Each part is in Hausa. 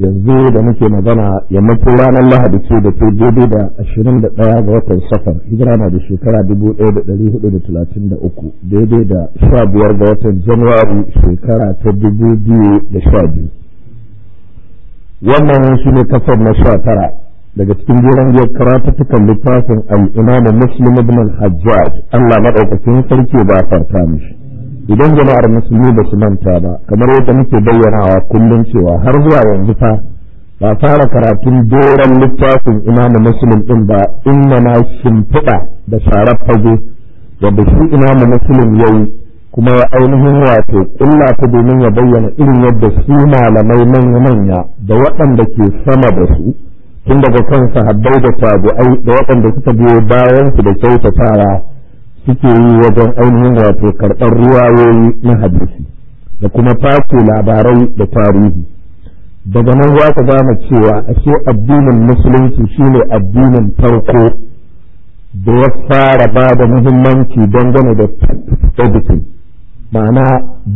yanzu da muke magana yammacin ranar lahadi ce da ke daidai da ashirin da ɗaya ga watan safar hijira na da shekara dubu ɗaya da ɗari hudu da talatin da uku daidai da sha biyar ga watan januwari shekara ta dubu biyu da sha biyu wannan shi ne kasar na sha tara daga cikin jeran biyar karatuttukan littafin al'imamu muslim ibn al-hajjaj allah maɗaukakin sarki ba farta mishi idan jama'ar musulmi ba su manta ba kamar yadda muke bayyanawa kullum cewa har zuwa yanzu fa ba fara karatun doron littafin imamu musulun ɗin ba in na shimfiɗa da sharar fage wanda shi imamu musulun ya yi kuma ya ainihin wato ƙulla ta domin ya bayyana irin yadda su malamai manya-manya da waɗanda ke sama da su tun daga kansa haddai da tabi'ai da waɗanda suka biyo bayan su da kyautatawa suke yi wajen ainihin wato karɓar ruwayoyi na hadisi da kuma fako labarai da tarihi daga nan za ka gane cewa ashe addinin musulunci shine addinin farko da ya fara ba da muhimmanci dangane da editing ma'ana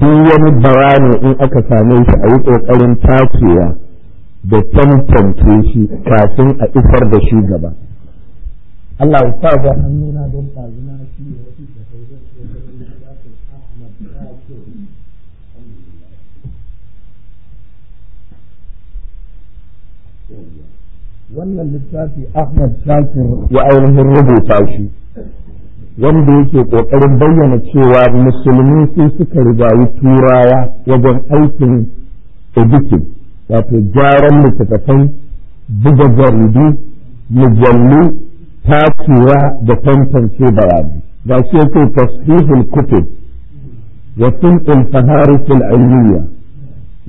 duk wani bayani in aka same shi a yi ƙoƙarin tacewa da tantance shi kafin a isar da shi gaba Allah ya sa hannuna don tazina shi ne wasu da kai zai ce da da Ahmad wannan littafi Ahmad Shakir ya ainihin rubuta shi wanda yake kokarin bayyana cewa musulmi sai suka rigayi turawa wajen aikin editing wato gyaran littattafan buga jaridu mujallu takewa da tantance bayanai ga shi yake tasbihul kutub wa sun'ul faharis al-ilmiya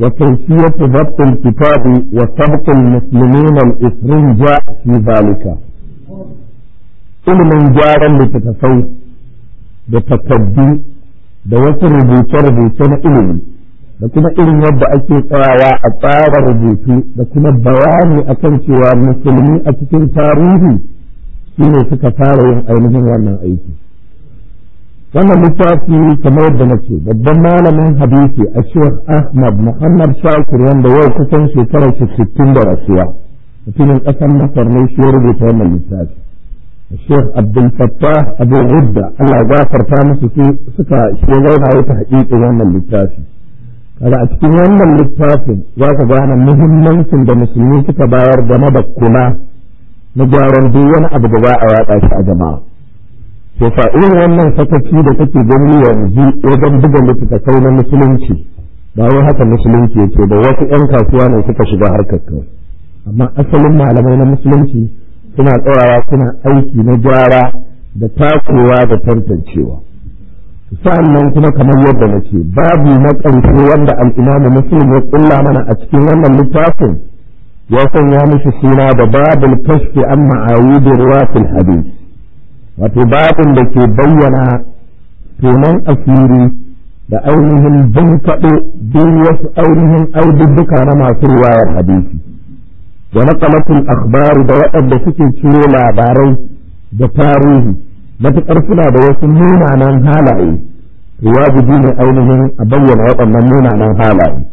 wa kayfiyat dhabt al-kitab wa sabq al-muslimin al-ifrinja fi dhalika gyaran littattafai da takaddu da wasu rubuce-rubuce na ilimi da kuma irin yadda ake tsayawa a tsara rubutu da kuma bayani akan cewa musulmi a cikin tarihi shine suka fara yin ainihin wannan aiki wannan littafi kamar yadda na ce babban malamin hadisi a shekh ahmad muhammad shakir wanda yau kusan shekarar sittin da rasuwa mutumin ƙasar masar ne shi ya rubuta wannan littafi الشيخ عبد الفتاح أبو غدة الله غافر تامس سكا شيغينا وتحقيق يوم littafi. daga a cikin wannan littafin za ka gane muhimmancin da musulmi suka bayar game da kula na gyaran duk wani abu da ba a yaɗa shi a jama'a to fa irin wannan sakaci da kake gani yanzu wajen buga littattafai na musulunci ba wai haka musulunci yake da wasu 'yan kasuwa ne suka shiga harkar kawai amma asalin malamai na musulunci suna tsayawa suna aiki na gyara da takowa da tantancewa sa'annan kuma kamar yadda na ce babu na ƙarshe wanda al'imamu muslim ya ƙulla mana a cikin wannan littafin ya mishi suna da babul kashfi an ma'awidi ruwatul hadis wato babin da ke bayyana tonon asiri da ainihin bunkaɗo duk wasu ainihin audubbuka na masu ruwayar hadisi da naƙalatul akhbari da waɗanda suke ciro labarai da tarihi matuƙar suna da wasu munanan halaye wajibi ne ainihin a bayyana waɗannan munanan halaye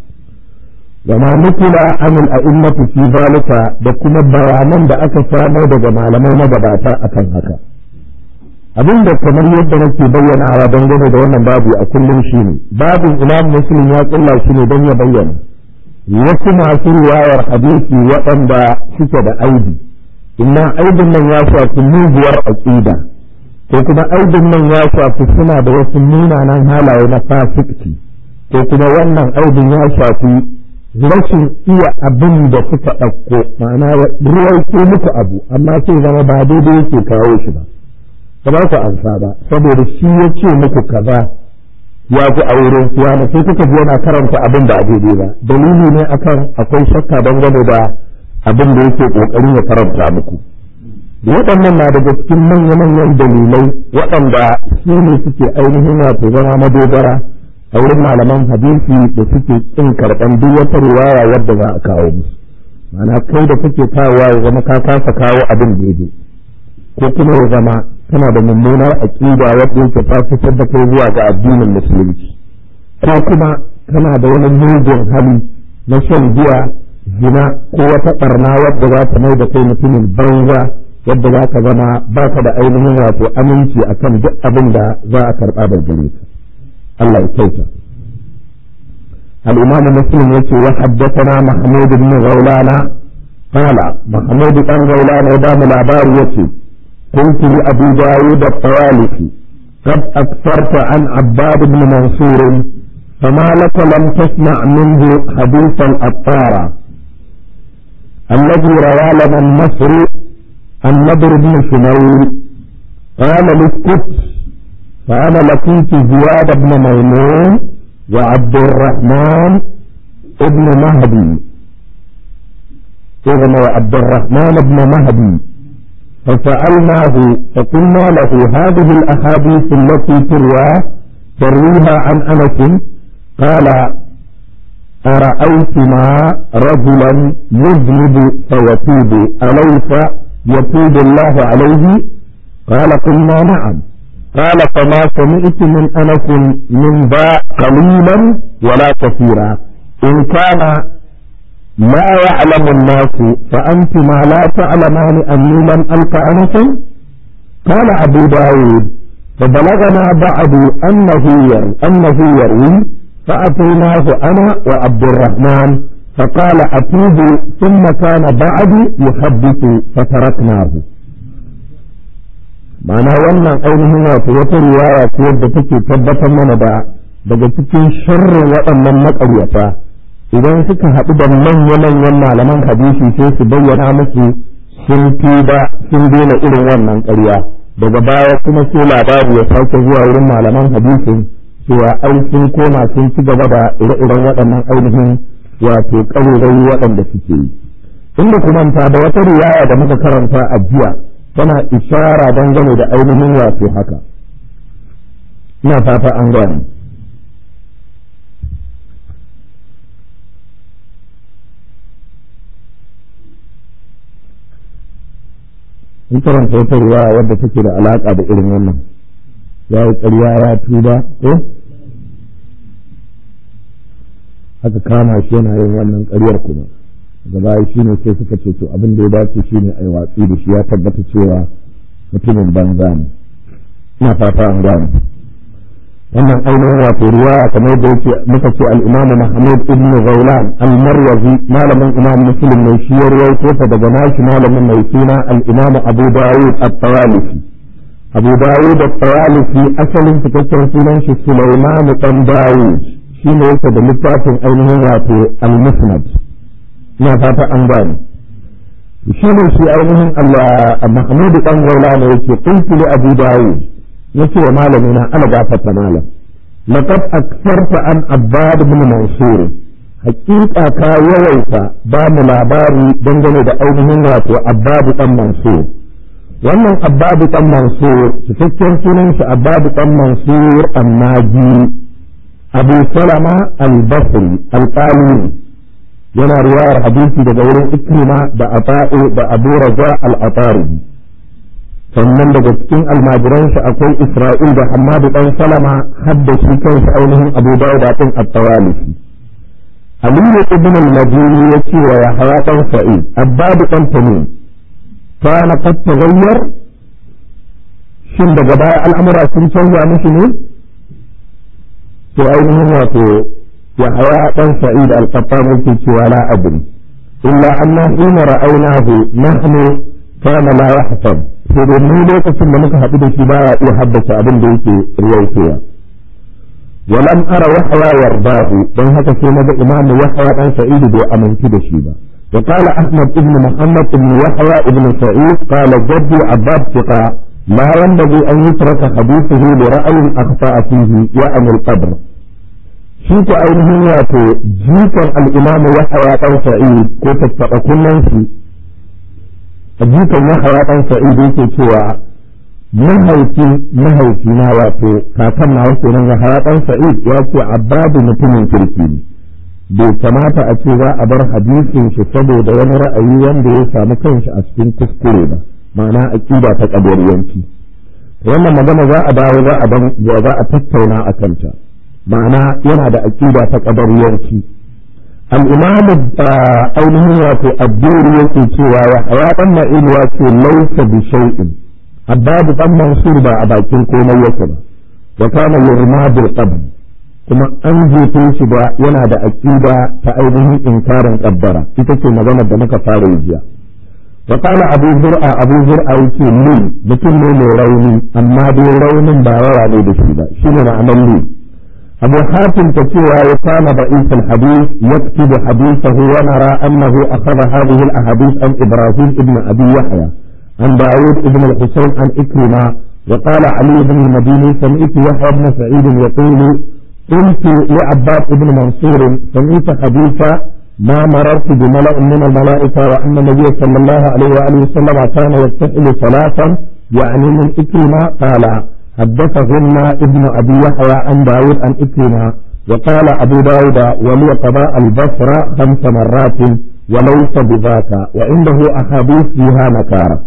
gama nukula a a'immatu fi zalika da kuma bayanan da aka samar daga malamai na gabata akan haka abinda kamar yadda nake bayyana bayyanawa dangane da wannan babu a kullum shine ne babin imam muslim ya tsalla shi ne don ya bayyana wasu masu riwayar hadisi waɗanda suke da aibi inna aibin nan ya shafi muguwar aqida ko kuma aibin nan ya shafi suna da wasu munanan halaye na fasikci ko kuma wannan aibin ya shafi rashin iya abin da kuka ɗauko ma'ana ruwaito muku abu amma sai zama ba daidai yake kawo shi ba ba ba ku amsa ba saboda shi ya ce muku kaza ya ku a wurin suwa na sai kuka ji yana karanta abin da a daidai ba dalili ne akan akwai shakka dangane da abin da yake kokarin ya karanta muku waɗannan na daga cikin manya-manyan dalilai waɗanda su ne suke ainihin wato zama madogara a wurin malaman hadisi da suke kin karɓan duk wata riwaya wadda za a kawo musu ma'ana kai da kake kawowa ya zama ka kasa kawo abin daidai ko kuma ya zama kana da mummunar aƙida wadda yake ta fitar da kai zuwa ga addinin musulunci ko kuma kana da wani mugun hali na shan giya zina ko wata ɓarna wadda za ta mai da kai mutumin banza yadda za ka zama ba ka da ainihin wato aminci akan duk abin da za a karɓa da gare ka الله ya الإمام المسلم يسي وحدثنا محمود بن غولانا قال محمود بن غولانا دام العبار يسي قلت لأبي داود الطوالك قد أكثرت عن عباد بن منصور فما لك لم تسمع منه حديث الأطارة الذي روى لنا النصر النضر بن سمير قال للقدس قال لقيت زياد بن ميمون وعبد الرحمن ابن مهدي ابن عبد الرحمن بن مهدي فسألناه فقلنا له هذه الأحاديث التي تروى ترويها عن أنس قال أرأيتما رجلا يذنب فيتوب أليس يتوب الله عليه قال قلنا نعم قال فما سمعت من أنس من ذا قليلا ولا كثيرا إن كان ما يعلم الناس فأنت ما لا تعلمان أني لم ألق انس قال أبو داود فبلغنا بعد أنه أنه يروي فأتيناه أنا وعبد الرحمن فقال أتوب ثم كان بعد يحدث فتركناه ma'ana wannan ainihin wato wata riwaya ce wadda take tabbatar mana da daga cikin sharrin waɗannan maƙaryata idan suka haɗu da manya-manyan malaman hadisi sai su bayyana musu sun tuba sun daina irin wannan ƙarya daga baya kuma sai labari ya sake zuwa wurin malaman hadisin cewa ai sun koma sun ci gaba da ire-iren waɗannan ainihin wato ƙarurai waɗanda suke yi inda kuma ta da wata riwaya da muka karanta a jiya tana ishara gane da ainihin wato haka ina fata an gane in karanta wata wadda take da alaƙa da irin wannan ya yi ƙarya ya tuba ko haka kama shi yana wannan ƙaryar kuma da baya shi ne sai suka ce to abin da ya dace shi ne a yi watsi da shi ya tabbata cewa mutumin banza ne ina fata an gane wannan ainihin wato ruwa kamar da yake muka ce al-imamu ibn Ghailan al-Marwazi malamin imam Muslim mai shi ya rawaito ta daga nashi malamin mai suna al-imamu Abu Dawud at-Tawalisi Abu Dawud at-Tawalisi asalin cikakken sunan shi Sulaiman dan Dawud shi ne yake da littafin ainihin wato al-Musnad na fata an gani shi ne shi ainihin mahmudu ɗan gaulana yake kuntu li abu dawud yace wa malami na ana gafarta malam laqad aktharta an abbad bin mansur hakika ka yawaita ba mu labari dangane da ainihin wato abbad ɗan mansur wannan abbad ɗan mansur cikakken sunan shi abbad ɗan mansur annaji abu salama al-basri al-qalini yana riwayar hadisi daga wurin ikrima da aba'u da abu raza al atari sannan daga cikin almajiran shi akwai isra'il da hamadu dan salama hadda shi kansa ainihin abu dawud din at-tawalisi aliyu ibn al-madini yace wa yahya dan sa'id abbabu dan tamim kana qad tagayyar shin daga baya al'amura sun canza mishi ne to ainihin wato ya hawa dan sa'id al-qattan yake cewa la adri illa anna hina ra'aynahu nahnu kana la yahsab sai da mu lokacin da muka haɗu da shi ba ya iya haddasa abin da yake riwaitowa ولم أرى وحوى يرضاه بل هذا كلمة إمام وحوى عن سعيد بو أمن كده ibn وقال أحمد بن محمد بن وحوى بن سعيد قال جدي عباد ثقة ما ينبغي أن يترك حديثه لرأي أخطأ فيه وأن القبر shi ku ainihin wato jikon al'imamu hawa ɗan sa'id ko tattaɓa kunnen shi a jikon hawa ɗan sa'id yake cewa mahaifi mahaifi na wato kakan na wasu nan hawa ɗan sa'id ya ce babu mutumin kirki ne bai kamata a ce za a bar hadisin shi saboda wani ra'ayi wanda ya samu kanshi a cikin kuskure ba ma'ana aƙida ta yanki wannan magana za a dawo za a tattauna a kanta ma'ana yana da aƙida ta ƙadariyanci al'imam uh, ainihin wato addini yake cewa ya haya ɗan ma'il wato lausa bi shay'in abbabu ɗan mansur ba a bakin komai yake ba wa kana yurmadul qabr kuma an jefe shi ba yana da aƙida ta ainihin inkarin ƙabbara ita ce maganar da muka fara jiya وقال أبو زرع أبو زرع يقول لي بكل rauni روني أما بي روني بارا لي بشيدا شنو معنى لي أبو حاتم تسوى وقال رئيس الحديث يكتب حديثه ونرى أنه أخذ هذه الأحاديث عن إبراهيم ابن أبي يحيى عن داود ابن الحسين عن إكرمة وقال علي بن المديني سمعت يحيى بن سعيد يقول قلت لعباد بن منصور سمعت حديثا ما مررت بملأ من الملائكة وأن النبي صلى الله عليه وآله وسلم كان يفتحل صلاة يعني من إكرمة قال حدثهما ابن أبي يحيى عن داود عن إكرمة وقال أبو داود ولي قضاء البصرة خمس مرات وليس بذاك وعنده أحاديث فيها نكارة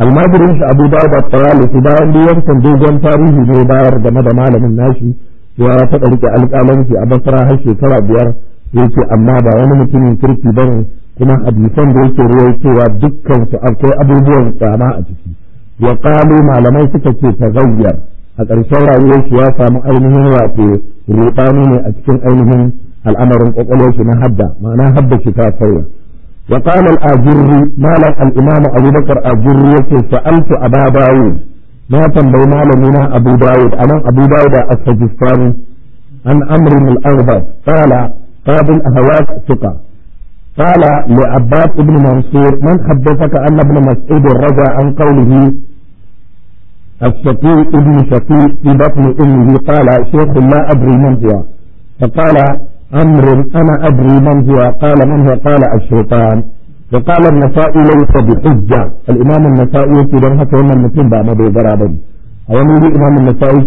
almajirin shi abu da tsaralisi bayan da yankan dogon tarihi ne bayar game da malamin nashi ya taɓa rike alƙalanci a basra har shekara biyar yake amma ba wani mutumin kirki ba ne kuma hadisan da yake ruwaitowa dukkan su abubuwan a ciki wa qalu malamai suka ce tazayyar a ƙarshen rayuwar shi ya samu ainihin wato rubani ne a cikin ainihin al'amarin ƙwaƙwalwar shi na hadda ma'ana hadda shi ta sauya wa qala al-ajurri malam al-imam Abu Bakar ajurri yace sa'altu a Dawud na tambayi malami na Abu Dawud anan Abu Dawud as-Sajistani an amrin al-arba qala qabil ahwat thiqa قال لعباس بن منصور من حدثك أن ابن مسعود رجع عن قوله الشقي ابن شقي في بطن أمه قال شيخ لا أدري من هو فقال أمر أنا أدري من هو قال من هو قال الشيطان فقال النسائي ليس بحجة الإمام النسائي في ذلك هو المسلم بعد أبي ذرابي أولا الإمام النسائي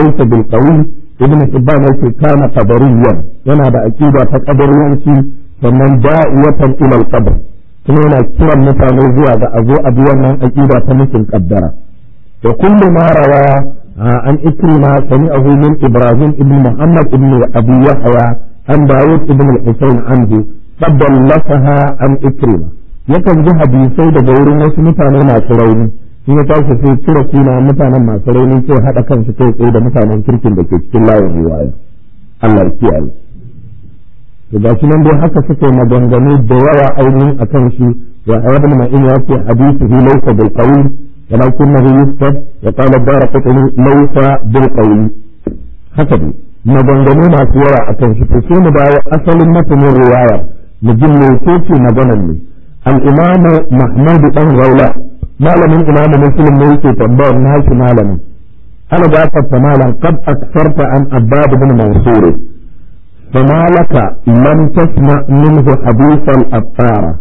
ليس بالقوي ابن حبان كان قدريا ينادى بأكيد فقدريا sannan ba watan al-qabr kuma yana kiran mutane zuwa ga azo a bi wannan aqida ta mutum kaddara wa kullu ma rawa an ikrima abu min ibrahim ibn muhammad ibn abi yahya an dawud ibn al-husayn anhu fadallaha an ikrima yakan ji hadisai daga wurin wasu mutane masu rauni in ya tashi sai cire suna mutanen masu rauni sai haɗa kansu kai tsaye da mutanen kirkin da ke cikin layin riwaya Allah ya kiyaye to ga shi nan dai haka suka yi maganganu da yawa ainihin a kan shi wa ibn ma'in ya ce hadithu laysa bil qawl ولكنه يكتب وقال الدار قطني ليس بالقول هكذا maganganu masu yawa a kan shi sai mu dawo asalin matanin riwaya mu jin me yake maganan ne al-imamu mahmud dan gaula malamin imamu muslim ne yake tambayar nashi malamin ana ga fatta malam qad aktharta an abbad ibn mansur فما لك من تسمع منه حديثا أبطارا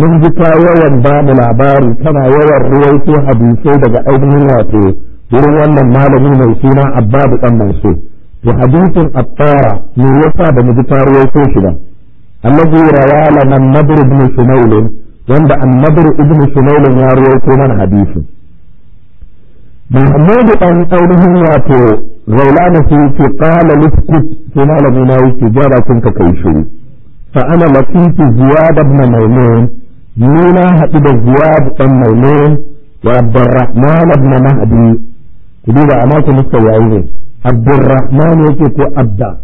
من جكا يوان بام العبار كما يوان رويت حديثي دقا أيضا واتو وروا من مالمي ميسونا عباب أم منسو وحديث أبطارا من يسا بمجكا رويت شدا الذي روال من نبر ابن شميل وند نبر ابن شميل يا رويتو من حديثه محمود أن قوله واتو غولان سيكي قال لسكت سنال مناوي تجارة كنت كيشو فأنا لقيت زياد بن ميمون نينا هتب زياد بن ميمون وعبد الرحمن بن مهدي كبيرة أماك مستوعين عبد الرحمن يكي أبدا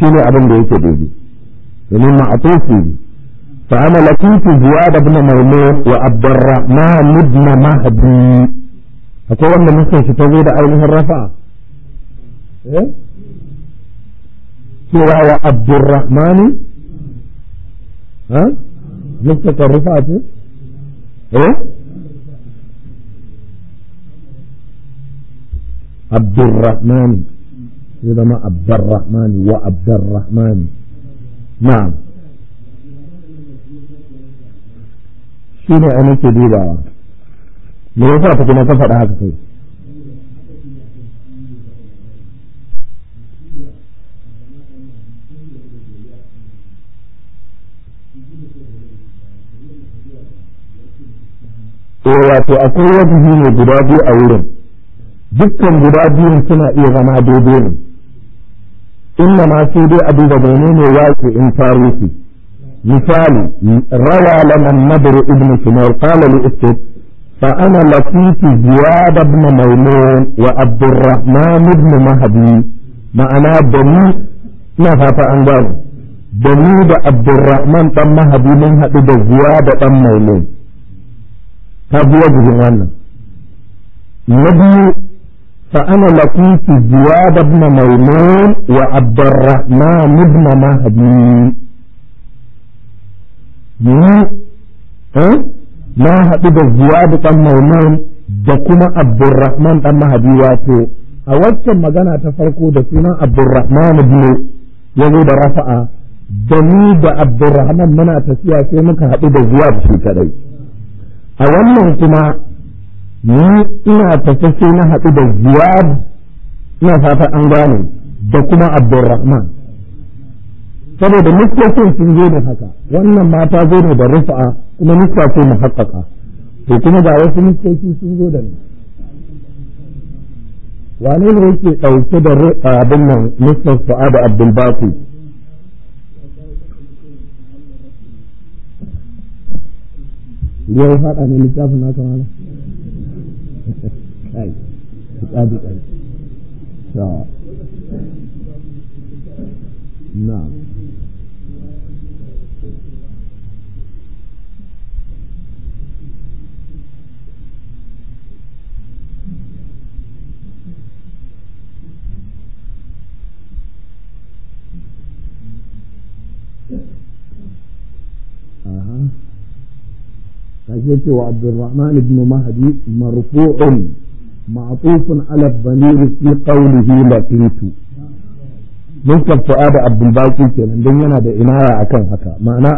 شنو أبن بيكي بيجي ومن معطوفي فأنا لقيت زياد بن ميمون وعبد الرحمن بن مهدي فهو أن المسيح ستزيد عينه الرفاء إيه؟ سواء عبد الرحمن ها مسك الرفاة ايه عبد الرحمن إذا ما عبد الرحمن وعبد الرحمن نعم شنو أنا كذي me yasa take nan ka faɗa haka kai eh, wato akwai wajibi ne guda biyu a wurin dukkan guda biyun suna iya zama daidai ne inna ma sai dai duba da menene waƙi in tarihi misali rawa lanan nadr ibn shumayr qala li فأنا لقيت زياد بن ميمون وعبد الرحمن بن مهدي معنا بني نفات أنجار بني دا عبد الرحمن بن مهدي من هدي دا زياد بن ميمون هذا وجه وانا نبي فأنا لقيت زياد بن ميمون وعبد الرحمن بن مهدي ها أه؟ na haɗu da zuwa ɗan maunan da kuma abdurrahman ɗan mahadi wato a waccan magana ta farko da sunan abdurrahman biyu ya zo da rafa'a da ni da abdurrahman muna tafiya sai muka haɗu da zuwa shi kadai a wannan kuma ni ina tafi sai na haɗu da zuwa ina fata an gane da kuma abdurrahman saboda nufofin sun zo da haka wannan mata zo ne da rufa'a kuma nufa ce mu haƙaƙa to kuma ga wasu nufofi sun zo da ni wane ne yake ɗauke da abin nan nufin su'ad abdulbaki yau haɗa ne littafin naka mana kai tsadi kai na'am kashe cewa abdurrahman ibn mahdi marfu'un ma'tufun ala banir fi qawlihi laqitu mukan fa'ada abdul baqi kenan dan yana da inaya akan haka ma'ana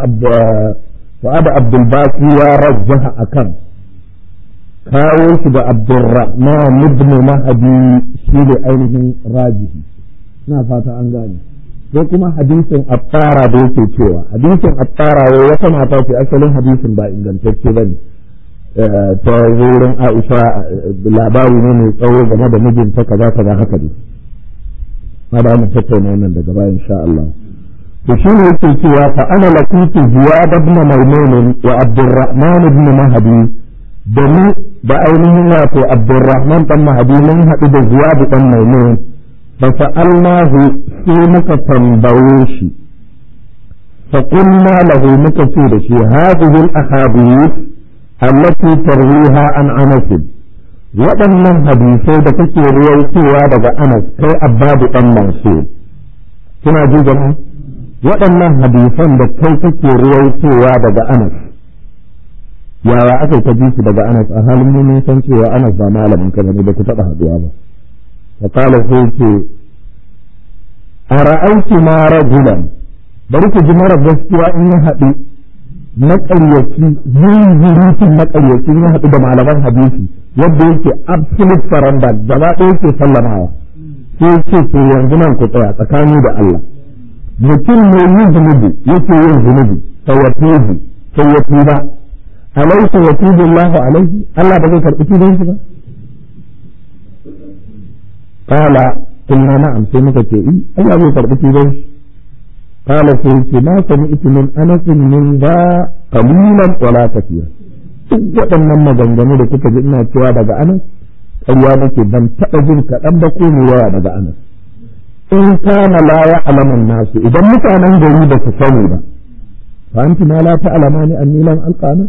fa'ada abdul baqi ya rajjaha akan kawo shi da abdurrahman ibn mahdi shi ne ainihin rajihi ina fata an gane sai kuma hadisin abtara da yake cewa hadisin abtara ya wata mata ce asalin hadisin ba ingantacce ba ne eh, ta wurin aisha eh, labari ne mai tsawo game da mijinta kaza kaza haka ne ma ba mu tattauna wannan daga bayan insha Allah to shi ne yake cewa fa ana laqitu da ibn maimun wa abdurrahman ibn mahdi da ni da ainihin wato abdurrahman dan mahdi mun haɗu da ziyad ibn maimun ba fa'allahu sai muka tambaye shi فقلنا له مكتير في هذه الأحاديث التي ترويها an أنس waɗannan hadisai da kake ruwaitowa daga Anas kai Abbabu ɗan Mansur kina ji jama'a waɗannan hadisan da kai kake ruwaitowa daga Anas yaya aka ta ji su daga Anas a halin mun san cewa Anas ba malamin ka ne ba ku taɓa haɗuwa ba ya kala a ra'aiki ma bari ku ji mara gaskiya in ya haɗu maƙaryaci zuzurutun maƙaryaci ya haɗu da malaman hadisi yadda yake absolute sallamawa sai ce yanzu nan ku tsaya tsakani da Allah mutum ne yin zunubi yake yin zunubi tawatubu tawatuba alaihi alaihi Allah ba zai karɓi tubanci ba qala kunna na'am sai muka ce i Allah zai karɓi tuban kala sai ce na sami min anasin min ba qalilan wala kathira duk waɗannan maganganu da kuka ji ina cewa daga anas ƙarya nake ban taɓa jin kaɗan ba ko mu waya daga anas in kana la ya'lamun nasu idan mutanen gari ba su sani ba fa anti ma la ta'lamani anni lam alqana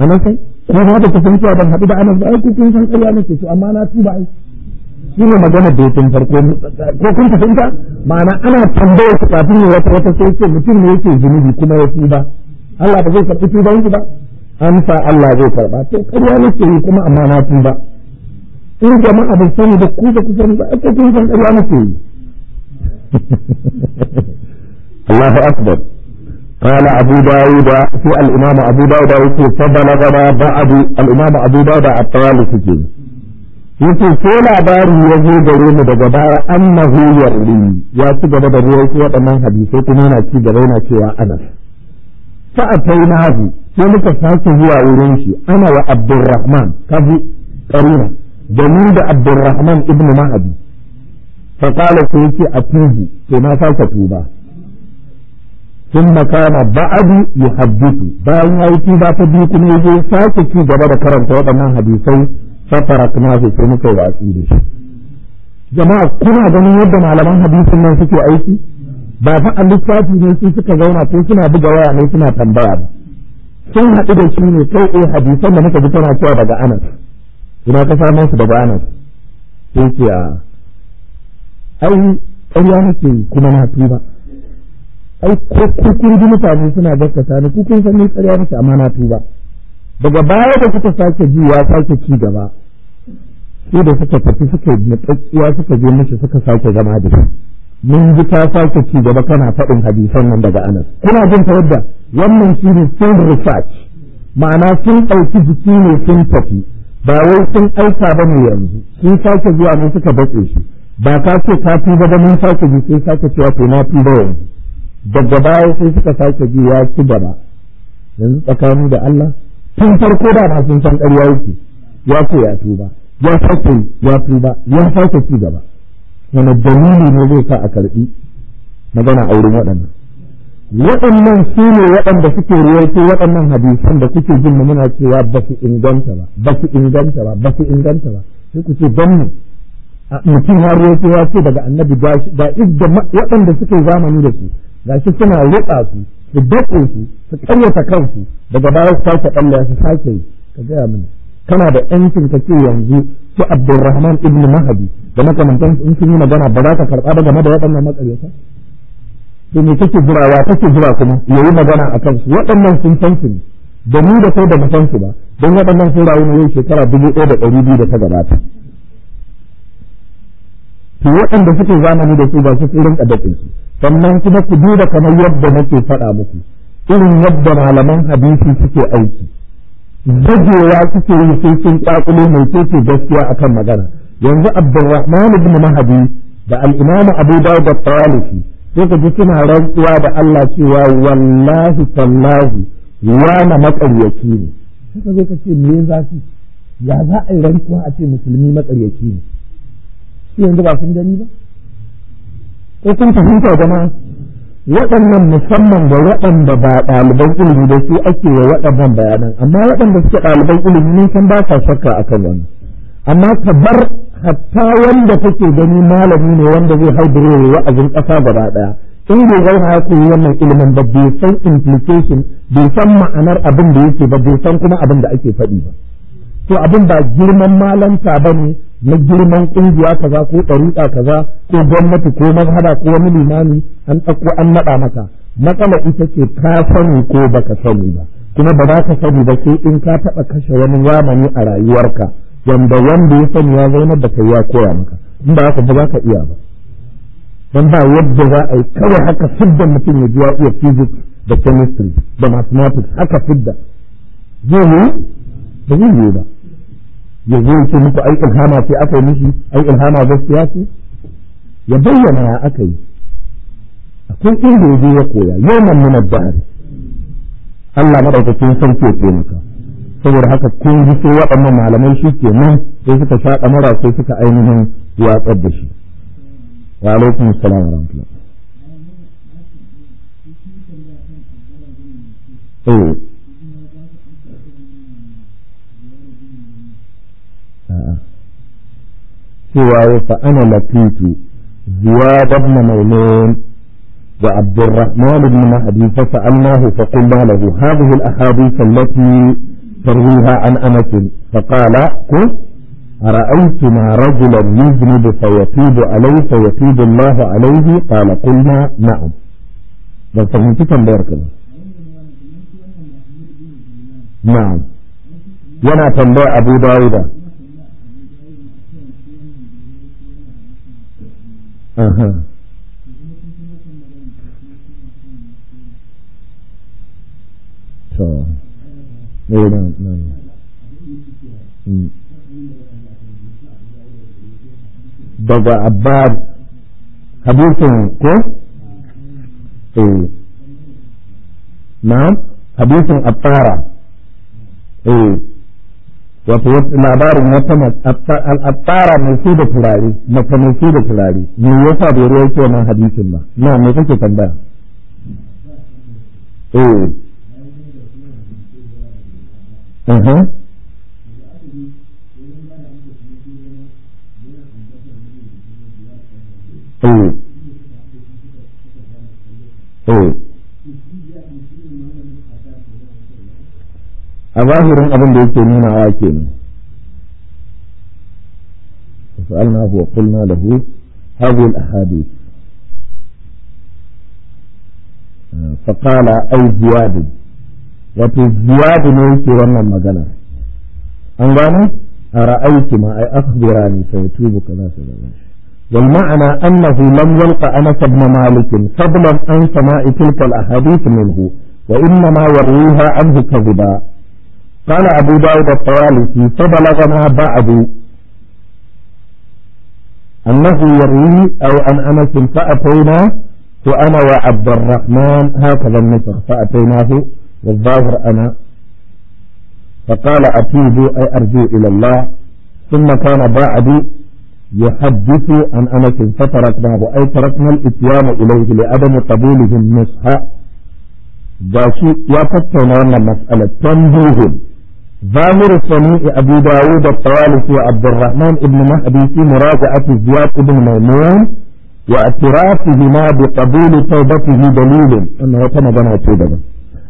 anas ko ba ta san cewa ban haɗu da anas ba ai kun san ƙarya nake su amma na tuba ai shi ne magana da yake farko ko kun ta fahimta ma'ana ana tambayar ku kafin ne wata wata sai ce mutum ne yake zunubi kuma ya tuba Allah ba zai karɓi tuban ki ba sa Allah zai karɓa to ƙarya nake yi kuma amma na tuba in jama'a ban sani da ku da ku sani ba ake kun san ƙarya nake yi Allahu akbar قال أبو داود في الإمام أبو داود يقول فبلغنا بعد الإمام أبو داود الطالب في yace ko labari ya zo gare mu daga baya annahu yarri ya ci gaba da ruwaito waɗannan hadisai kuma yana ci gaba yana cewa ana fa atainahu sai muka sake zuwa wurin shi ana wa abdurrahman kafi karina da mun da abdurrahman ibn mahdi fa qala sai yace atubu to na sake tuba ثم kana بعد يحدث bayan ya yi tuba ta biyu kuma ya sake ci gaba da karanta waɗannan hadisai safara kuma ake sai muka yi watsi da shi jama'a kuna ganin yadda malaman hadisin nan suke aiki ba fa a lissafi ne su suka zauna ko suna buga waya ne suna tambaya ba sun haɗu da shi ne kai eh hadisan da muka ji tana cewa daga anas ina ka samu su daga anas sai ce a ai ƙarya nake kuma na tuba ai ko kun ji mutane suna gaskata ni ku kun san ni ƙarya nake amma na tuba daga baya da kuka sake jiwa sake ci gaba su da suka tafi suka matsatsuwa suka je musu suka sake zama da shi mun ji ta sake ci gaba kana faɗin hadisan nan daga anas kuna jin ta yadda wannan shi ne sun research ma'ana sun ɗauki jiki ne sun tafi ba wai sun aika ba ne yanzu sun sake zuwa ne suka batse shi ba ka ce ka fi ba mun sake ji sai sake cewa to na fi ba yanzu daga baya sai suka sake ji ya ci gaba yanzu tsakanin da Allah tun farko da ba sun san ƙarya yake ya ce ya tuba ya sake ya fi ba ya sake ci gaba wani dalili ne zai sa a karbi magana a wurin waɗannan waɗannan su ne waɗanda suke ruwaito waɗannan hadisan da suke jin mu muna cewa ba su inganta ba ba su inganta ba ba su inganta ba sai ku ce don mu mutum ya ruwaito ya ce daga annabi ga idda waɗanda suke zamani da su ga shi suna riƙa su su daɗe su su ƙaryata kansu daga baya su sake ɓalla su sake yi ka gaya mini kana da yancin ka ce yanzu su Abdulrahman ibn Mahdi da makamantan in sun yi magana ba za ka karɓa ba game da waɗannan matsayi to me kake ta kake jira kuma yayi magana a su waɗannan sun san da ni da kai da mu su ba don waɗannan sun rayu ne yau shekara dubu ɗaya da ɗari biyu da ta gabata to waɗanda suke zamani da su ba su rinka daɗin su sannan kuma ku duba kamar yadda nake faɗa muku irin yadda malaman hadisi suke aiki dagewa suke yi sai sun kwakulo mai ce gaskiya akan magana yanzu abdurrahman ibn mahadi da al-imam abu dawud at-tawalifi sai ka ji suna rantsuwa da Allah cewa wallahi tallahi na makaryaci ne sai ka zo ka ce me za su ya za a yi rantsuwa a ce musulmi makaryaci ne shi yanzu ba sun gani ba ko kun fahimta jama'a waɗannan musamman da waɗanda ba ɗaliban ilimi da su ake wa waɗannan bayanan amma waɗanda suke ɗaliban ilimi ne san ba sa shakka kan wani amma ka bar hatta wanda kake gani malami ne wanda zai haidare wa'azin ƙasa gaba ɗaya in bai zauna ya koyi wannan ilimin ba bai san implication bai san ma'anar abin da yake ba bai san kuma abin da ake faɗi ba to abin ba girman malanta ba ne na girman kungiya kaza ko ɗariƙa kaza ko gwamnati ko mazhaba ko wani limami an ɗauko an naɗa maka matsala ita ce ka sani ko baka sani ba kuma ba za ka sani ba sai in ka taɓa kashe wani zamani a rayuwarka wanda wanda ya sani ya zaunar da kai ya koya maka in ba haka ba za ka iya ba don ba yadda za a yi kawai haka fidda mutum ya ji ya iya physics da chemistry da mathematics haka fidda zai yi ba zai yi ba ya zo yake muku ai ilhama ce aka yi mishi ai ilhama gaskiya ce ya bayyana ya aka yi akwai inda ya je ya koya yawan min ad Allah madaukakin sarki ya taimaka saboda haka kun ji sai waɗannan malamai shi ke nan sai suka sha mara sai suka ainihin watsar da shi wa alaikum assalam wa rahmatullah eh. سوى فأنا لقيت زياد بن ميمون وعبد الرحمن بن مهدي فسألناه فقلنا له هذه الأحاديث التي ترويها عن أنس فقال قل أرأيتما رجلا يذنب فيتوب عليه فيتوب الله عليه قال قلنا نعم بس فهمت بارك الله نعم ينا تنبير أبو داود to ne nan nan daga abbas hadisin ko eh na hadisin abbara eh wato labarin wata mai su da turare mace mai su da turare me yasa bai ruwa nan hadisin ba na kake eh, uh-huh. eh. eh. ظاهرين أبن بيكينينا آكين فسألنا وقلنا له هذه الأحاديث فقال أي زياد وفي زياد نيكي وانا مغانا أنغاني أرأيت ما أخبراني سيتوب كذا سبب والمعنى أنه لم يلقى أنس بن مالك فضلا عن سماء تلك الأحاديث منه وإنما يرويها عنه كذبا قال أبو داود الطوالسي فبلغنا بعد أنه يروي أو أن أنس فأتينا وأنا وعبد الرحمن هكذا النصر فأتيناه والظاهر أنا فقال أتيب أي أرجو إلى الله ثم كان بعدي يحدث عن أنس فتركناه أي تركنا الإتيان إليه لعدم قبوله النصح gashi شيء tattauna أن المسألة tambuhun ظامر الصنيع أبو داود الطوالسي عبد الرحمن ابن مهدي في مراجعة زياد ابن ميمون واعترافهما بقبول توبته دليل أنه كان بنا شيء بنا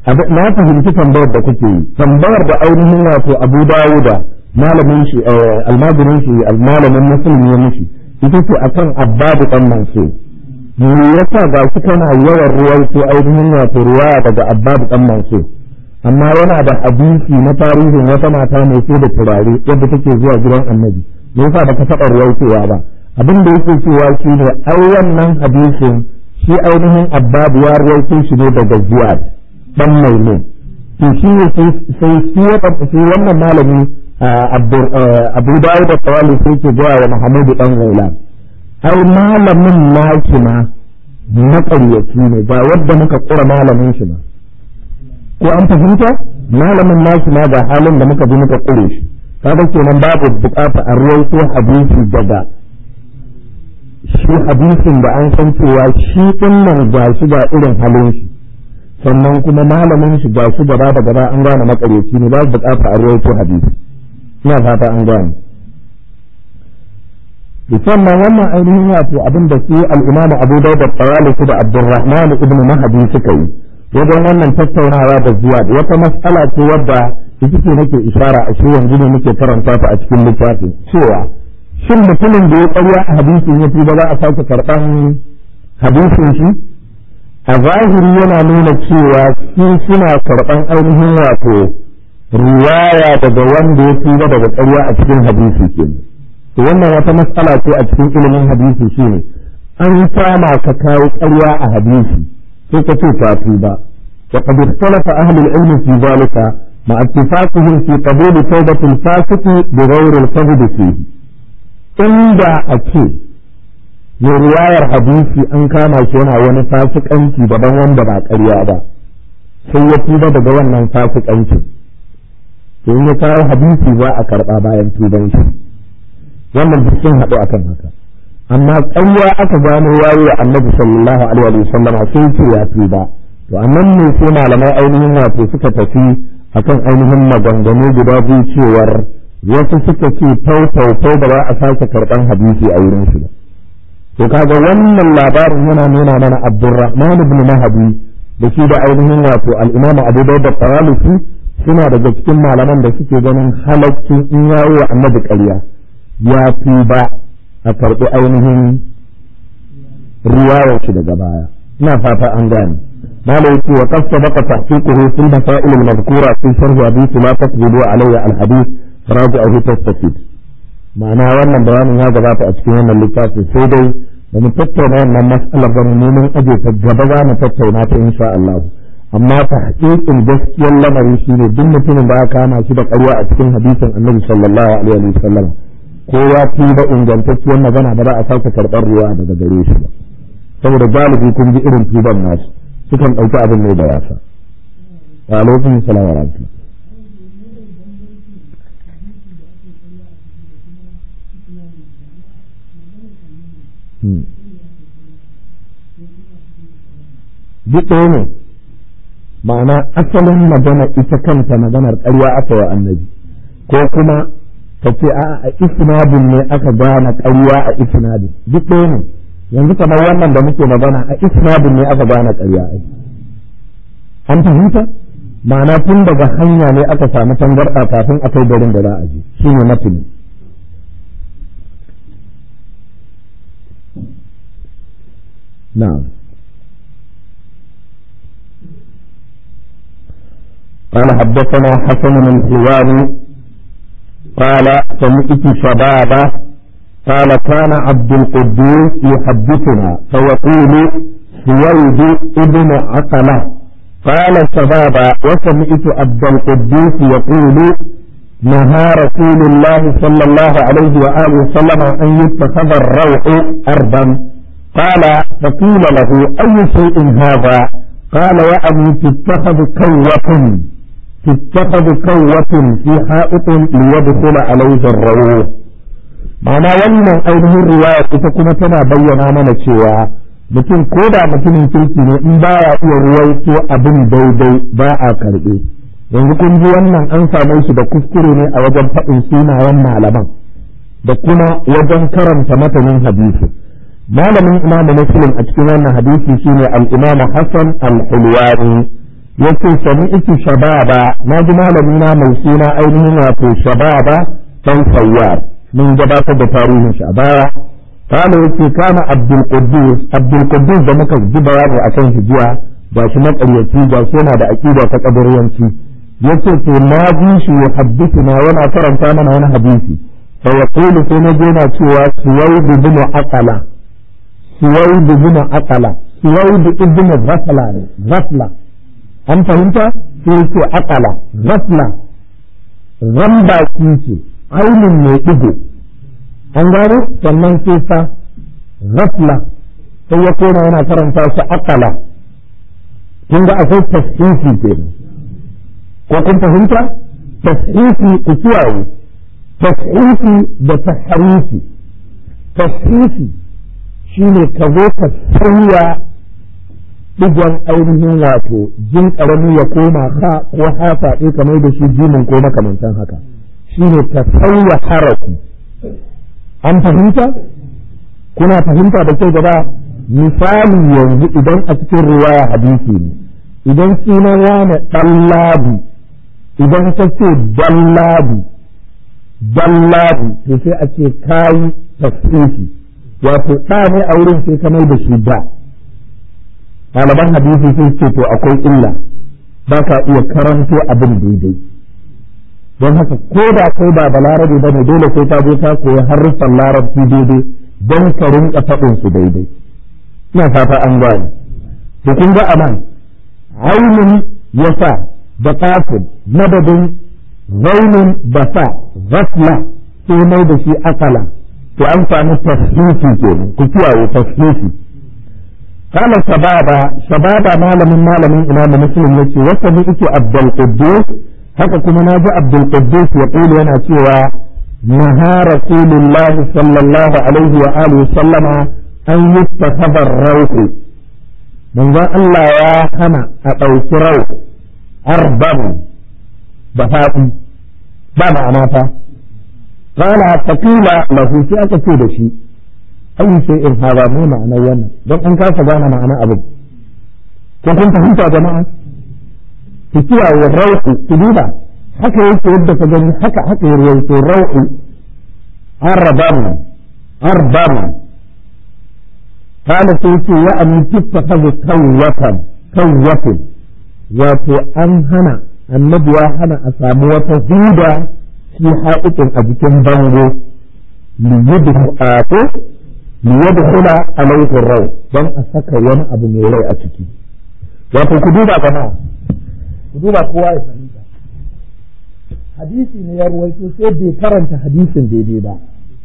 هذا ما تهم في تنبار بكتي تنبار بأوله الله أبو داود مال منشي المال آه، منشي المال من مسلم يمشي يتوسع أكان أباب أم منسو يتوسع بأسكنا يوى الرواية أيضا من رواية أباب أم منصور amma yana da abinci na tarihin wata mata mai sai da turare yadda take zuwa gidan annabi me yasa baka taɓa ruwaitowa ba abin da yake cewa shi ne ai wannan hadisin shi ainihin abbab ya ruwaito shi ne daga zuwa dan ne to shi ne sai shi wannan malami abu dawud da tawali sai ke gaya wa muhammadu dan wula ai malamin naki ma ƙaryaci ne ba wadda muka ƙura malamin shi ba ko an fahimta malamin nasu ma ga halin da muka bi muka kure shi kaga kenan babu bukata a ruwaito hadisi daga shi hadisin da an san cewa shi din nan ga shi ga irin halin shi sannan kuma malamin shi ga shi gaba da gaba an gane makareci ne babu bukata a ruwaito hadisi ina fata an gane musamman wannan ainihin wato abin da su al'imamu abu dauda tsawalisu da abdurrahman ibn mahadi suka yi wajen wannan tattaunawa da zuwa wata matsala ce wadda ita nake ishara a shi yanzu ne muke karanta ta a cikin littafi cewa shin mutumin da ya karya a hadisin ya fi ba za a sake karɓan hadisin shi a zahiri yana nuna cewa shi suna karɓan ainihin wato riwaya daga wanda ya tuba daga karya a cikin hadisi ke to wannan wata matsala ce a cikin ilimin hadisi shine an kama ka kawo karya a hadisi sai ka ce ta ba wa qad ikhtalafa ahli al-ilm fi zalika ma ittifaqihim fi qabul tawbati al-fasiq bi ghayri al-qasd fihi inda ake mai riwayar hadisi an kama shi yana wani fasikanci daban wanda ba ƙarya ba sai ya tuba daga wannan fasikanci to in ya kawo hadisi za a karɓa bayan tuban shi wannan duk sun haɗu akan haka amma ƙarya aka gano wayo wa annabi sallallahu alaihi wa sallam sai ce ya tuba to annan ne sai malamai ainihin wato suka tafi akan ainihin maganganu guda biyu cewar wasu suka ce tautautau ba za a sake karɓan hadisi a wurin su to kaga wannan labarin yana nuna mana Abdurrahman ibn Mahdi da shi da ainihin wato al-Imam Abu Dawud al suna daga cikin malaman da suke ganin halaccin in yawo wa annabi ƙarya ya tuba a karɓi ainihin ruwa shi daga baya ina fata an gane mala yake wa qad sabaqa tahqiquhu fil da al madhkura fi sharh hadith ma taqbilu alayya al hadith raji'ahu tastafid ma'ana wannan bayanin ya gabata a cikin wannan littafi sai dai da mu tattauna wannan mas'alar ba mu neman aje ta gaba za mu tattauna ta insha Allah amma tahqiqin gaskiyar lamarin shine duk mutumin da aka kama shi da ƙarya a cikin hadisin Annabi sallallahu alaihi wa sallam ko ya tuba ingantacciyar magana ba za a sake karɓar ruwa daga gare shi ba saboda galibi kun ji irin tuban nasu sukan ɗauki abin ne da wasa wa alaikum salam wa hmm. duk ɗaya ne ma'ana asalin magana ita kanta maganar ƙarya aka a annabi ko kuma tace a a isnadin ne aka gane ƙarya a isnadin duk ɗaya ne yanzu kamar wannan da muke magana a isnadin ne aka gane ƙarya ai an fahimta ma'ana tun daga hanya ne aka samu tangarɗa kafin a kai garin da za a je shine matuni na'am قال حدثنا حسن من حلوان قال سمعت شبابا قال كان عبد القدوس يحدثنا فيقول سويد ابن عقلة قال شبابا وسمعت عبد القدوس يقول نهى رسول الله صلى الله عليه وآله وسلم أن يتخذ الروح أرضا قال فقيل له أي شيء هذا قال وأن تتخذ كوة تتخذ كوة في حائط ليدخل عليه الروح ma'ana wannan ainihin riwaya ita kuma tana bayyana mana cewa mutum ko da mutumin kirki ne in ba ya iya ruwaito abin daidai ba a karɓe yanzu kun ji wannan an same shi da kuskure ne a wajen faɗin sunayen malaman da kuma wajen karanta matanin hadisi malamin imamu muslim a cikin wannan hadisi shine al-imamu hasan al-hulwani yace sami iki shababa na ji malami na mai suna ainihin wato shababa dan sayyar mun gabatar da tarihin shi a baya kana yace kana abdul quddus abdul quddus da muka ji bayani akan hijiya ba shi makaryaci ba shi yana da aqida ta kadariyanci yace to na ji shi ya haddithuna yana karanta mana wani hadisi fa yaqulu sai na je na cewa suwayd bin aqala suwayd bin aqala suwayd ibn an fahimta sai yake akala ran ramba kinki ainin mai ɗigo an gano sannan sai sa ghafla sai ya kona yana karanta shi akala kin ga akwai ke kenan ko kun fahimta tasfifi ku kiyaye tasfifi da tahrifi tasfifi shine ka zo ka sauya digon ainihin wato jin karami ya koma ka ko hafa ɗin kamar da shi jimin ko makamantan haka shi ne ta sauya haraku. an fahimta kuna fahimta da kyau gaba misali yanzu idan a cikin riwaya hadisi ne idan ya na ɗallabi idan ka ce dallabi dallabi to sai a ce kayi tasrifi wato ɗa ne a wurin sai ka mai da shi ba malaman hadisi sun ce to akwai illa ba ka iya karanto abin daidai don haka ko da kai ba balarabe ba ne dole sai ka je ka koyi haruffan larabci daidai don ka rinka faɗin su daidai ina fata an gane to kun ga aman ainun yasa da kafin madadin zainun basa zasla sai mai da shi asala to an samu tasfifi kenan ku kiyaye tasfifi قال سبابة سبابة مالم مالم إمام مسلم يكي وسمعت عبد القدوس haka kuma na ji abdulkudus ya ƙulu yana cewa naha rasulullahi sallallahu alaihi wa sallama an yi tasabar rauku manzon Allah ya hana a ɗauki rauku arban da faɗi ba ma'ana ta qala faqila aka da shi ayi sai in haba mai ma'anar wannan don an kasa gane ma'ana abin ko kun fahimta jama'a ki kiyaye rauku ki duba haka yake yadda ka gani haka haka yake rauku arbaban arbaban kana sai ce ya amince ta kaza kawwatan kawwatin wato an hana annabi ya hana a samu wata huda shi haƙiƙin a jikin bango liyudhu a ko liyadkhula alayhi ar-raw dan a saka wani abu mai rai a ciki wato ku duba kana ku duba kowa ya fahimta hadisi ne ya ruwaito sai bai karanta hadisin daidai ba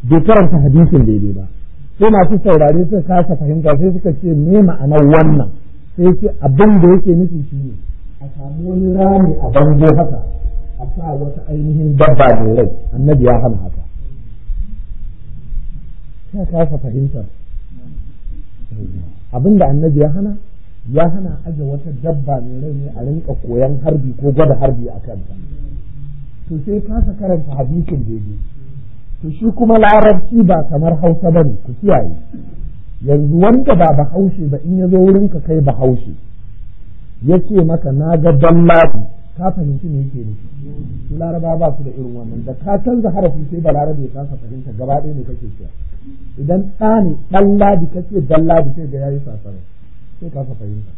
bai karanta hadisin daidai ba sai masu saurare suka kasa fahimta sai suka ce me ma'anar wannan sai ce abin da yake nufi shi ne a samu wani rami a bango haka a sa wata ainihin dabba da rai annabi ya hana haka ta kasa fahimtar abinda annabi ya hana ya hana aje wata dabba mai rai ne a rinka koyan harbi ko gwada harbi a kanta to sai kasa karanta hadisin daidai to shi kuma larabci ba kamar hausa bane ku kiyaye yanzu wanda ba bahaushe ba in ya zo wurin ka kai bahaushe ya ce maka na ga dallabi ka fahimci me yake nufi su laraba ba su da irin wannan da ka canza harafi sai balarabe ya kasa fahimta gaba ɗaya ne kake cewa idan ɗa ne ɗan ladi ka dan ladi sai ga yayi sasarai sai ka fahimta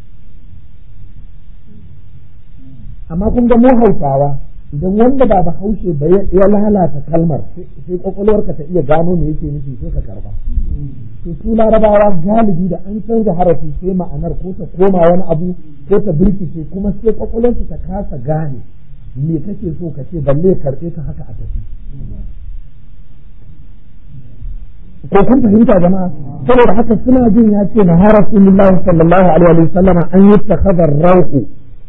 amma kun ga mu hausawa idan wanda ba ba haushe ba ya lalata kalmar sai kwakwalwarka ta iya gano me yake nufi sai ka karba to su larabawa galibi da an canza harafi sai ma'anar ko ta koma wani abu ko ta birkice kuma sai kwakwalwarsu ta kasa gane me kake so ka ce balle karɓe ka haka a tafi ko kun fahimta jama'a saboda haka suna jin ya ce na har rasulullahi sallallahu alaihi wa sallam an yi takhadar rauhu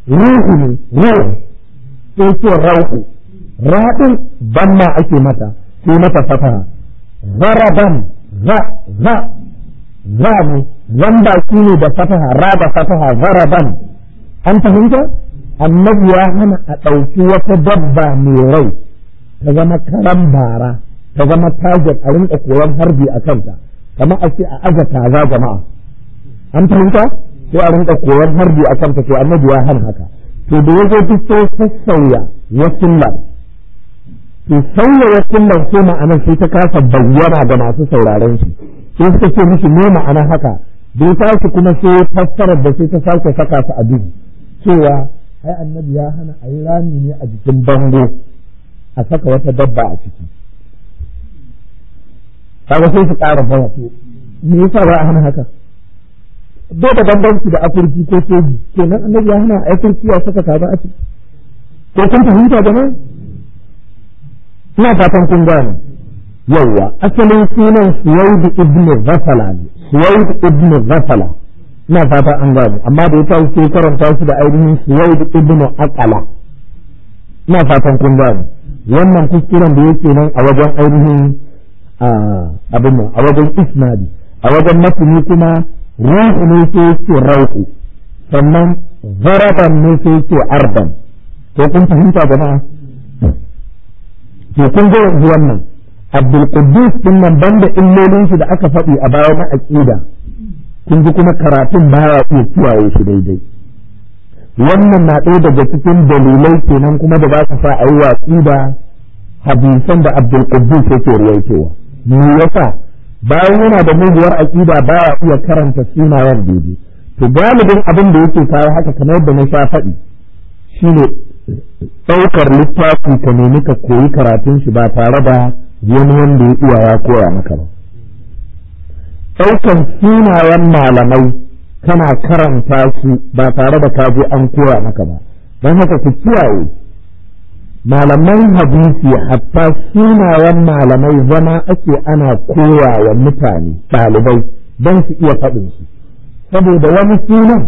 ruhu ruhu sai ce rauhu raɗin ban ma ake mata sai mata fataha zaraban za za za zan baki ne da fataha raba fataha zaraban an fahimta annabi ya hana a ɗauki wata dabba mai rai ta zama karan bara ta zama target a rinka koyon harbi a kanta kamar a ce a aza kaza jama'a an fahimta ko a rinka koyon harbi a kanta to annabi ya har haka to da yazo duk sai sassauya wasillar to sauya wasillar ko ma'anar sai ta kasa bayyana ga masu sauraron shi sai suka ce mishi me ma'ana haka da tashi kuma sai ya fassara da sai ta sake saka su a duhu cewa ai annabi ya hana a yi rami ne a jikin bango a saka wata dabba a ciki kaga sai su ƙara fara to me yasa ba a hana haka duk da bambanci da afirki ko soji kenan annabi ya hana afirki ya saka kaza a ciki ko kun fahimta jama'a ina fatan kun gane yawwa asalin sunan suwaid ibn zafala ne suwaid ibn zafala ina fata an gane amma da ya sai karanta shi da ainihin suwaid ibn aqala ina fatan kun gane wannan kuskuren da yake nan a wajen ainihin Ah, abin nan a wajen isnadi a wajen masani kuma ruhu ne sai yake rauku sannan zaraban ne sai yake arban ko kun fahimta jama'a to kun ga yanzu wannan abdul qudus din nan banda illolin shi da aka faɗi a baya na aqida kun ji kuma karatun baya iya kiyaye shi daidai wannan na ɗaya daga cikin dalilai kenan kuma da ba ka sa a yi watsi da hadisan da abdul qudus yake ruwaitowa me yasa bayan yana da muguwar ba baya iya karanta sunayen daidai to galibin abin da yake kawo haka kamar yadda na sha faɗi shine ɗaukar littafi ka nemi ka koyi karatun shi ba tare da wani wanda ya iya ya koya maka ba ɗaukar sunayen malamai kana karanta su ba tare da ka an koya maka ba don haka ku kiyaye malaman hadisi hatta sunayen malamai zama ake ana koyawa wa mutane ɗalibai don su iya faɗin su saboda wani sunan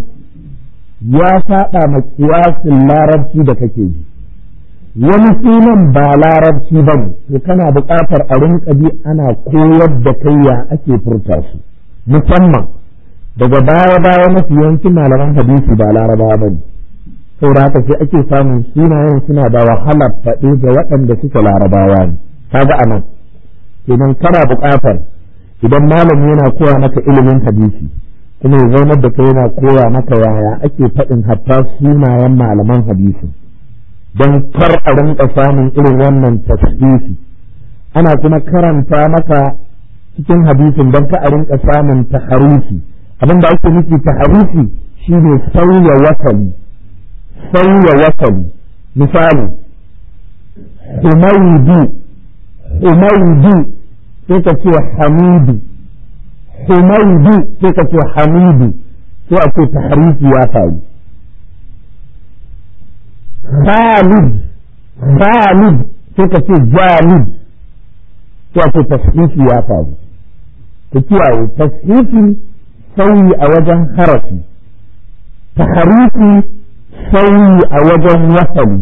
ya saɓa ma kiyasin larabci da kake ji wani sunan ba larabci ba ne to kana buƙatar a rinka bi ana koyar da kai ya ake furta su musamman daga baya baya mafi yanki malaman hadisi ba larabawa ba ne saboda sai ake samun sunayen suna da wahalar faɗi ga waɗanda suke larabawa ne kaga anan idan kana buƙatar idan malami yana koya maka ilimin hadisi kuma ya zaunar da kai yana koya maka yaya ake faɗin hatta sunayen malaman hadisi don kar a rinka samun irin wannan tasbihi ana kuma karanta maka cikin hadisin don ka a rinka samun taharufi abin da ake nufi taharufi shine sauya wasali sauya wasan misali humaidu humaidu sai ka ce hamidu humaidu sai ka ce hamidu sai a ce ya faru Khalid Khalid sai ka ce Jalid sai a ce ya faru kiyaye sauyi a wajen harafi tahrifi sauyi a wajen wasali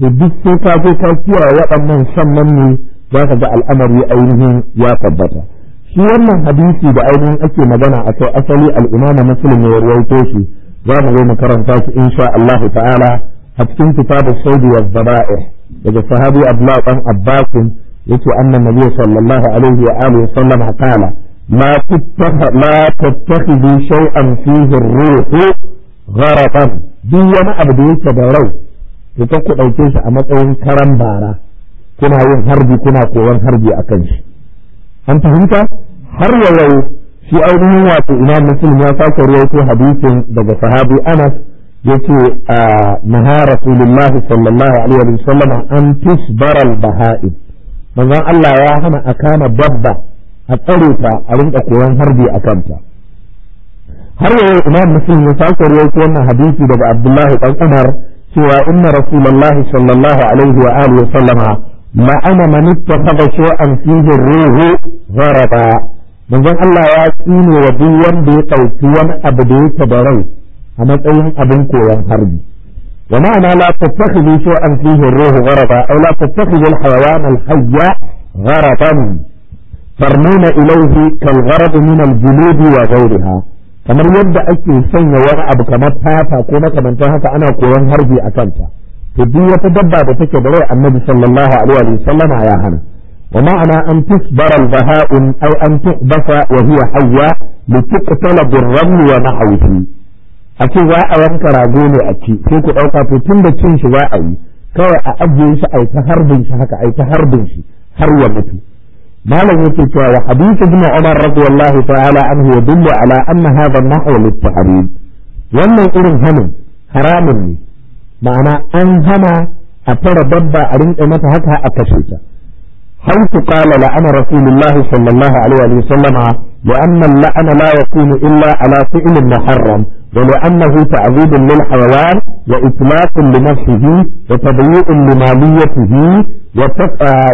to duk sai ka je ka kiyaye waɗannan sannan ne za ka ga al'amari ainihin ya tabbata shi wannan hadisi da ainihin ake magana a kai asali al'imam muslim ya rawaito shi za mu zo mu karanta shi insha Allah ta'ala a cikin kitabu saudi wa zaba'i daga sahabi abdullah dan abbas yake annan nabiy sallallahu alaihi wa alihi sallam qala ما تتخذ ما تتخذوا شيئا فيه الروح غرقا duk wani abu da yake da rau to kan ku dauke shi a matsayin karan bara kuna yin harbi kuna koyon harbi a kan shi an fahimta har wa yau shi ainihin wato imam muslim ya sake ko hadisin daga sahabi anas ce a naha rasulullahi sallallahu alaihi wa sallam an tusbara al manzon Allah ya hana a kama babba a tsare ta a rinka koyon harbi a kanta har yau imam muslim ya sake rawaito wannan hadisi daga abdullahi dan umar cewa inna rasulullahi sallallahu alaihi wa alihi wa sallama ma ana man ittakhadha shay'an fi ruhu gharaba manzon Allah ya tsine wa duk wanda ya ɗauki wani abu da yake da rai a matsayin abin koyon harbi wa ma'ana la tattakhidhu shay'an fihi ruhu gharaba aw la tattakhidhu al-hayawan al-hayya gharaban farnuna ilayhi kal-gharab min al-julud wa ghayriha kamar yadda ake sanya wani abu kamar fata ko makamantar haka ana koyon harbi a kanta to duk wata dabba da take da rai annabi sallallahu alaihi wa sallama ya hana wa ma'ana an tusbara al-baha'un aw an tuqbasa wa huwa hayya li tuqtala bir wa nahwihi a ce za a wanka rago ne a ci sai ku dauka to tun da cin shi za a yi kawai a ajiye shi a ta harbin shi haka a ta harbin shi har ya mutu malam yake cewa wa hadithu ibn umar radiyallahu ta'ala anhu yadullu ala anna hadha an-nahwa lit-tahrim wannan irin hanin haramun ne ma'ana an hana a fara babba a rinƙa mata haka a kashe ta حيث قال لعن رسول الله صلى الله عليه وسلم لأن اللعن لا يكون إلا على فعل محرم ولأنه تعذيب للحيوان وإطلاق لنفسه وتضييع لماليته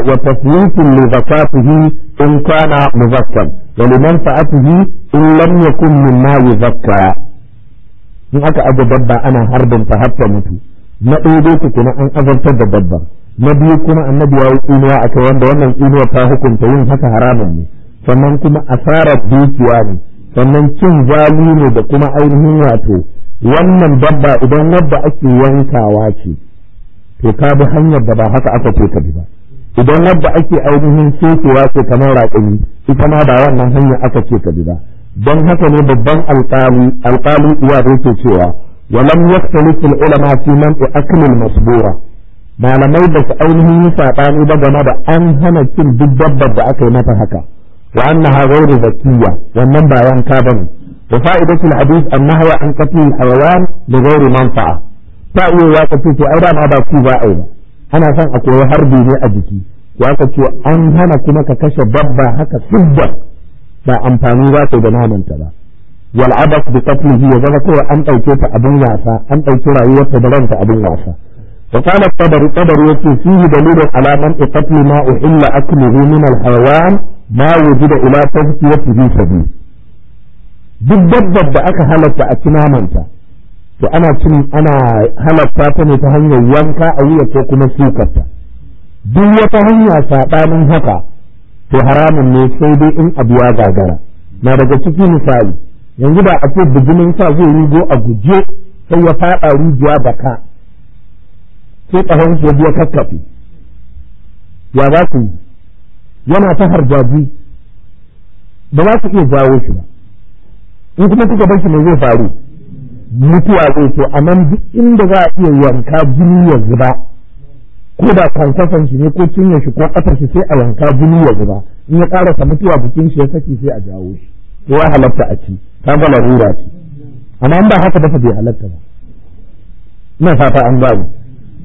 وتثليث لزكاته إن كان مزكا ولمنفعته إن لم يكن مما يزكى in aka aje dabba ana harbin ta har ta mutu na ɗaya ta kuma an azantar da dabba na biyu kuma annabi ya yi tsinuwa a kai wanda wannan tsinuwa ta hukunta yin haka haramun ne sannan kuma asarar dukiya ne sannan cin zali ne da kuma ainihin wato wannan dabba idan wadda ake yankawa ce to ka bi hanyar da ba haka aka ce ka bi ba idan wadda ake ainihin sokewa ce kamar raƙumi ita ma ba wannan hanyar aka ce ka bi ba don haka ne babban alƙali alƙali iya da yake cewa walam yaktalif ulama fi man akli masbura malamai ba su ainihin yi saɓani ba game da an hana cin duk dabbar da aka yi mata haka wa annaha ghayru zakiyya wannan ba yanka bane وفائدة الحديث النهي عن قتل الحيوان بغير منفعة ta iya ya ka ce ai dama ba ku ba ana son a koyi harbi ne a jiki ya ka ce an hana kuma ka kashe babba haka subba ba amfani ba ka da namanta ba wal abas bi qatlihi ya zama kawai an dauke ta abin wasa an dauke rayuwarta da ranta abin wasa وقال الطبر الطبر يكون فيه دليل على منع قتل ما أحل أكله da الحيوان ما وجد إلى تزكيته سبيل duk dabbar da aka halatta a ci namanta to ana cin ana halatta ta ne ta hanyar wanka a wuya ko kuma sukarta duk wata hanya saɓanin haka to haramun ne sai dai in abu ya gagara na daga ciki misali yanzu da a ce bijimin sa zai rigo a guje sai ya faɗa rijiya da ka sai ƙahon shi ya kakkafe ya za ku yi yana ta harjaji ba za ku iya jawo shi ba in kuma kuka bar shi ne zai faru mutuwa zai to a nan duk inda za a iya yanka jini ya zuba ko da kwankwasan shi ne ko cinye shi ko ƙasar shi sai a yanka jini ya zuba in ya ƙarasa mutuwa bikin shi ya saki sai a jawo shi ko ya halatta a ci ta ga larura ce amma in ba haka dafa bai halatta ba ina fata an babu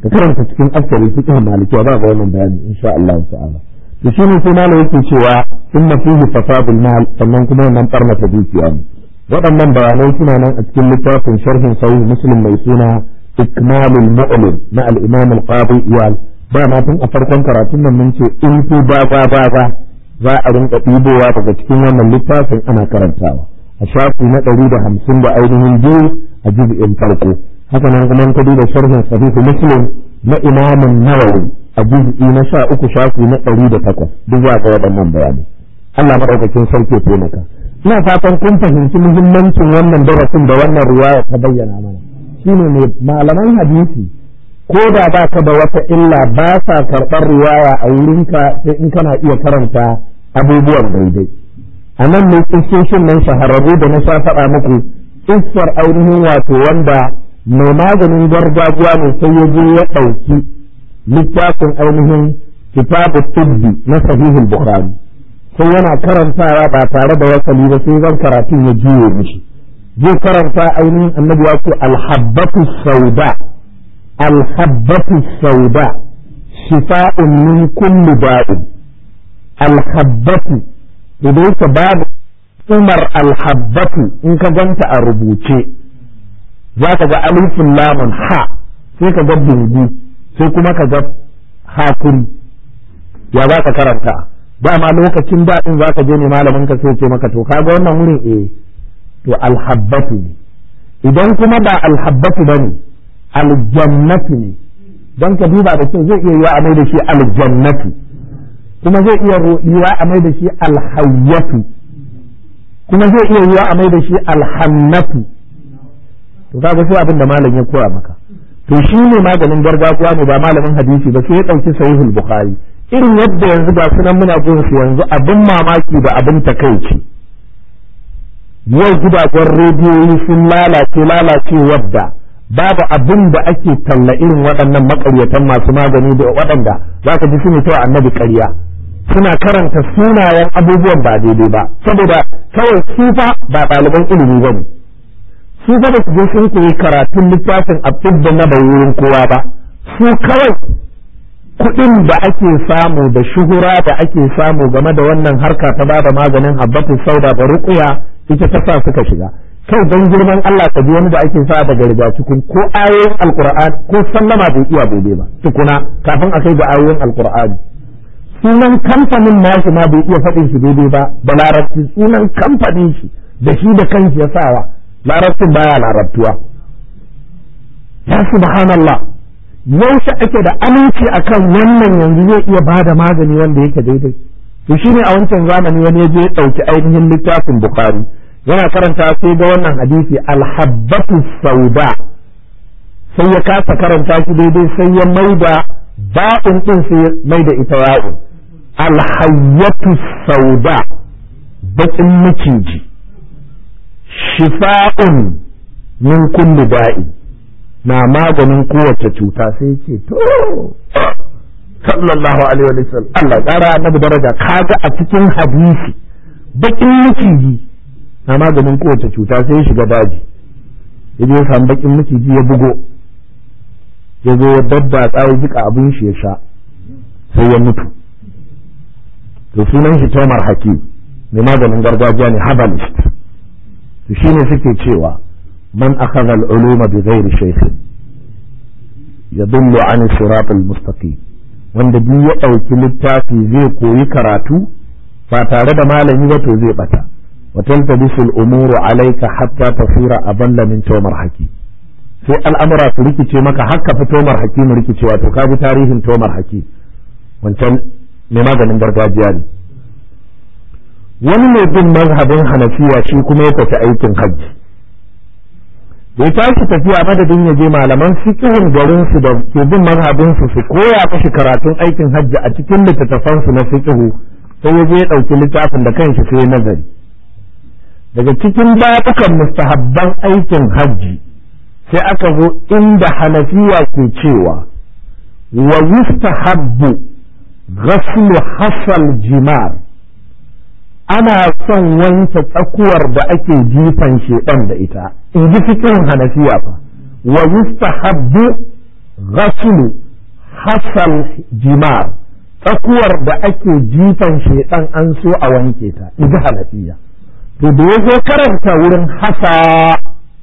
ka karanta cikin askari cikin maliki ba ga wannan bayani insha Allah ta'ala to shi ne sai malam yake cewa in mafihi fasadul mal sannan kuma wannan barna ta dukiya ne waɗannan bayanai suna nan a cikin littafin sharhin sahih muslim mai suna ikmalul mu'lim na al-imam al-qadi iyal ba ma tun a farkon karatun nan mun ce in ku ba ba ba ba za a rinka ɗibowa daga cikin wannan littafin ana karantawa a shafi na ɗari da hamsin da ainihin biyu a jibi'in farko haka nan kuma ka duba sharhin sahih muslim na imamin nawawi a jibi'i na sha uku shafi na ɗari da takwas duk za ga waɗannan bayanai Allah maɗaukakin sarki ya taimaka ina fatan kun fahimci muhimmancin wannan darasin da wannan riwaya ta bayyana mana shine ne malaman hadisi ko da ba ka da wata illa ba sa karɓar riwaya a wurinka sai in kana iya karanta abubuwan daidai a nan ne tsososhin nan shahararru da na sha faɗa muku iskar ainihin wato wanda mai maganin gargajiya ne sai ya je ya ɗauki littafin ainihin kitabu tubbi na sahihul bukhari sai yana karantawa ba tare da wasali ba sai zan karatun ya jiwo mishi zai karanta ainihin annabi ya ce alhabbatu sauda alhabbatu sauda shifa'un min kulli da'in alhabbatu idan yake babu umar alhabbatu in ka ganta a rubuce za ka ga alifin lamun ha sai ka ga bindi sai kuma ka ga hakuri ya za ka karanta dama lokacin ba in zaka je ne malamin ka sai ce maka to kaga wannan wurin eh to alhabbatu idan kuma ba alhabbatu bane aljannatu ne dan ka duba da kyau zai iya yiwa a mai da shi aljannatu kuma zai iya yiwa a mai da shi alhayyatu kuma zai iya yiwa a mai da shi alhannatu to kaga sai abin da malam ya koya maka to shi ne maganin gargakuwa ne ba malamin hadisi ba sai ya ɗauki sahihul bukhari irin yadda yanzu ga sunan muna su yanzu abin mamaki da abin takaici yau gidajen rediyoyi sun lalace lalace wadda babu abin da ake talla irin waɗannan makaryatan masu magani da waɗanda za ka ji su ne kawai annabi karya. suna karanta sunayen abubuwan ba daidai ba saboda kawai su fa ba ɗaliban ilimi ba ne su fa ba su je sun koyi karatun littafin abin da na bai kowa ba su kawai kuɗin da ake samu da shuhura da ake samu game da wannan harka ta ba da maganin habbatu sauda da ruqya ita ta sa suka shiga kai dan girman Allah ka ji wani da ake sa daga riga cikin ko ayoyin alqur'ani ko sallama bai iya bai ba tukuna kafin a kai ga ayoyin alqur'ani sunan kamfanin shi ma bai iya faɗin shi daidai ba da larabci sunan kamfanin shi da shi da kansi ya sawa larabcin baya larabtuwa ya subhanallah yaushe ake da aminci a kan wannan yanzu zai iya ba da magani wanda yake daidai to shine a wancan zamani wani ya je ya ɗauki ainihin littafin bukari yana karanta sai ga wannan hadisi alhabbatu sauda sai ya kasa karanta shi daidai sai ya maida ba'un din sai ya maida ita ya'u alhayyatu sauda bakin miciji shifa'un min kulli da'i na maganin kowace cuta sai ce to sallallahu alaihi wa sallam Allah ƙara annabi daraja kaga a cikin hadisi bakin maciji na maganin kowace cuta sai shiga daji ya je ya samu bakin maciji ya bugo ya zo ya dabba tsawo jika abin shi ya sha sai ya mutu to sunan shi Tomar Hakim mai maganin gargajiya ne herbalist to shine suke cewa man akhadha al-uluma bi ghairi shaykhin yadullu an wanda duk ya ɗauki littafi zai koyi karatu ba tare da malami ba to zai bata wa taltabisu al-umuru alayka hatta tasira adalla min tawmar hakim sai al'amura su rikice maka hakka fi tomar hakim rikicewa to ka bi tarihin tomar hakim wancan mai maganin gargajiya ne wani mai bin mazhabin hanafiya shi kuma ya tafi aikin hajji bai tashi tafiya madadin ya je malaman fikihun garin su da ke bin mazhabin su su koya mashi karatun aikin hajji a cikin littattafan su na fikihu sai ya je ya ɗauki littafin da kanshi sai nazari daga cikin babukan mustahabban aikin hajji sai aka zo inda hanafiya ke cewa wa yustahabbu ghaslu hasal jimar ana son wanke tsakuwar da ake jifan shedan da ita in ji cikin hanafiya fa wa yustahabbu ghaslu hasal jimar tsakuwar da ake jifan shedan an so a wanke ta in ji hanafiya to da ya zo karanta wurin hasa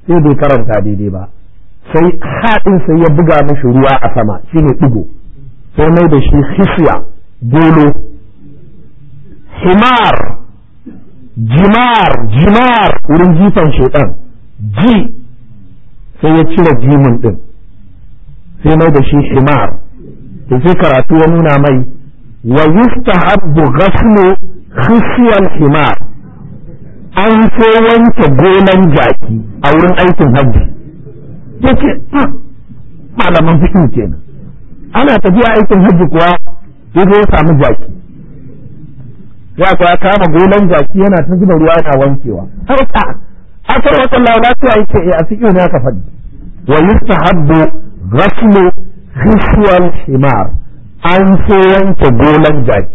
sai bai karanta daidai ba sai haɗin sai ya buga mashi ruwa a sama shine ɗigo sai mai da shi hisya golo himar jimar jimar wurin jifan shaitan ji sai ya cire jimin din sai mai da shi himar da sai karatu ya nuna mai wa yustahabbu ghaslu khisyan himar an so wanke gonan jaki a wurin aikin hajji yace ah, malaman fikin kenan ana tafiya aikin hajji kuwa sai ya samu jaki ya ya kama golan jaki yana ta zuba ruwa yana wankewa har ta akar wa sallahu lafiya yake eh a cikin ne aka faɗi wa yustahabbu ghaslu khishwal himar an so wanke golan jaki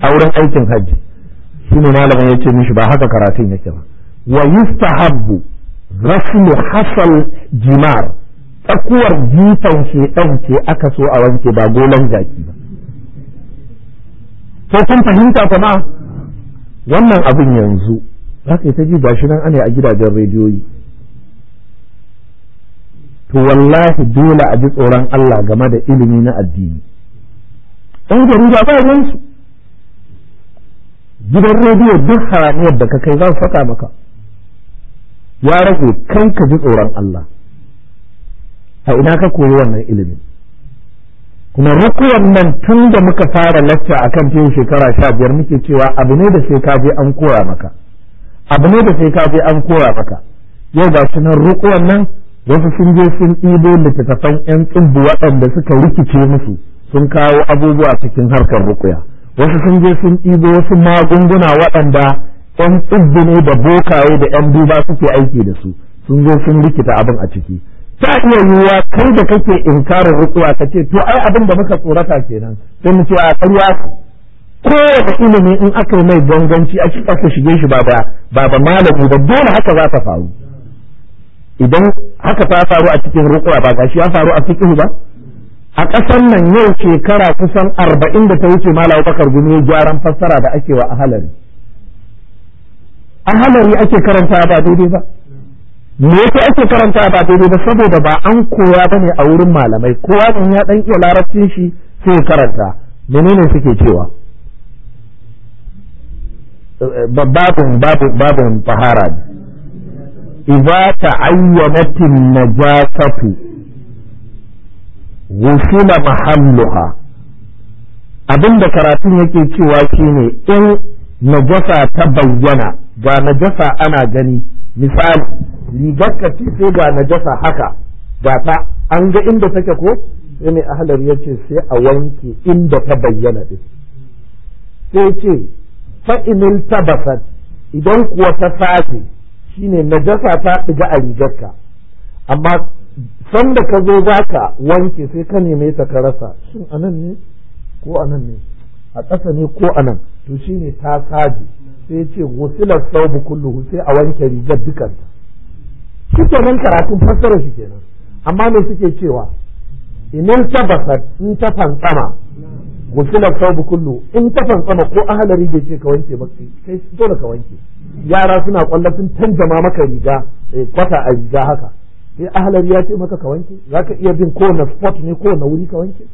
a wurin aikin hajji shine malamin yace mishi ba haka karatun yake ba wa yustahabbu ghaslu hasal jimar tsakuwar jifan shedan ce aka so a wanke ba golan jaki ba ko kun fahimta kuma wannan abin yanzu za ka yi ta ji shi nan ana a gidajen rediyoyi to wallahi dole a ji tsoron Allah game da ilimi na addini ɗan jarida ba su gidan rediyo duk haramiyar da ka kai za su faɗa maka ya rage kai ka ji tsoron Allah a ina ka koyi wannan ilimin kuma rukuwan nan tun da muka fara lacca a kan tun shekara sha biyar muke cewa abu ne da sai ka je an koya maka abu ne da sai ka je an kora maka yau ga shi nan rukuwan nan wasu sun je sun ɗibo littattafan yan tsubbu waɗanda suka rikice musu sun kawo abubuwa cikin harkar rukuya wasu sun je sun ɗibo wasu magunguna waɗanda yan tsubbu ne da bokaye da yan duba suke aiki da su sun zo sun rikita abin a ciki ta iya yiwuwa kai da kake inkarin rukuwa ka ce to ai abin da muka tsorata kenan sai mu ce a karya kowane ilimi in aka yi mai ganganci a cikin aka shige shi baba baba malami ba dole haka za ta faru idan haka ta faru a cikin rukuwa ba gashi ya faru a cikin ba a ƙasar nan yau shekara kusan arba'in da ta wuce malawa bakar gumi gyaran fassara da ake wa ahalari ahalari ake karanta ba daidai ba me yasa ake karanta ba daidai ba saboda ba an koya bane a wurin malamai kowa in ya ɗan iya larabcin shi sai ya karanta menene suke cewa babun babun babun fahara idza ta'ayyanat najasatu wusila mahalluha abinda karatun yake cewa shine in najasa ta bayyana ga najasa ana gani misali rigar ce sai ga najasa haka ga ta an ga inda take ko sai mai ahalar ya ce sai a wanke inda ta bayyana din sai ce fa'inil tabasat idan kuwa ta sace shine najasa ta diga a rigarka amma sanda ka zo za ka wanke sai ka neme ta ka rasa shin anan ne ko anan ne a ƙasa ne ko anan to shine ta saje sai ce gusilar saubu kulluhu sai a wanke rigar dukanta shi kenan karatun fassara shi kenan amma me suke cewa inil tabasat in ta fantsama gusula saubu kullu in ta fantsama ko ahalari bai ce ka wanke maki kai dole ka wanke yara suna kwallon sun tanjama maka riga eh, kwata a riga haka sai ahalari ya ce maka ka wanke zaka iya bin kowane spot ne kowane wuri ka wanke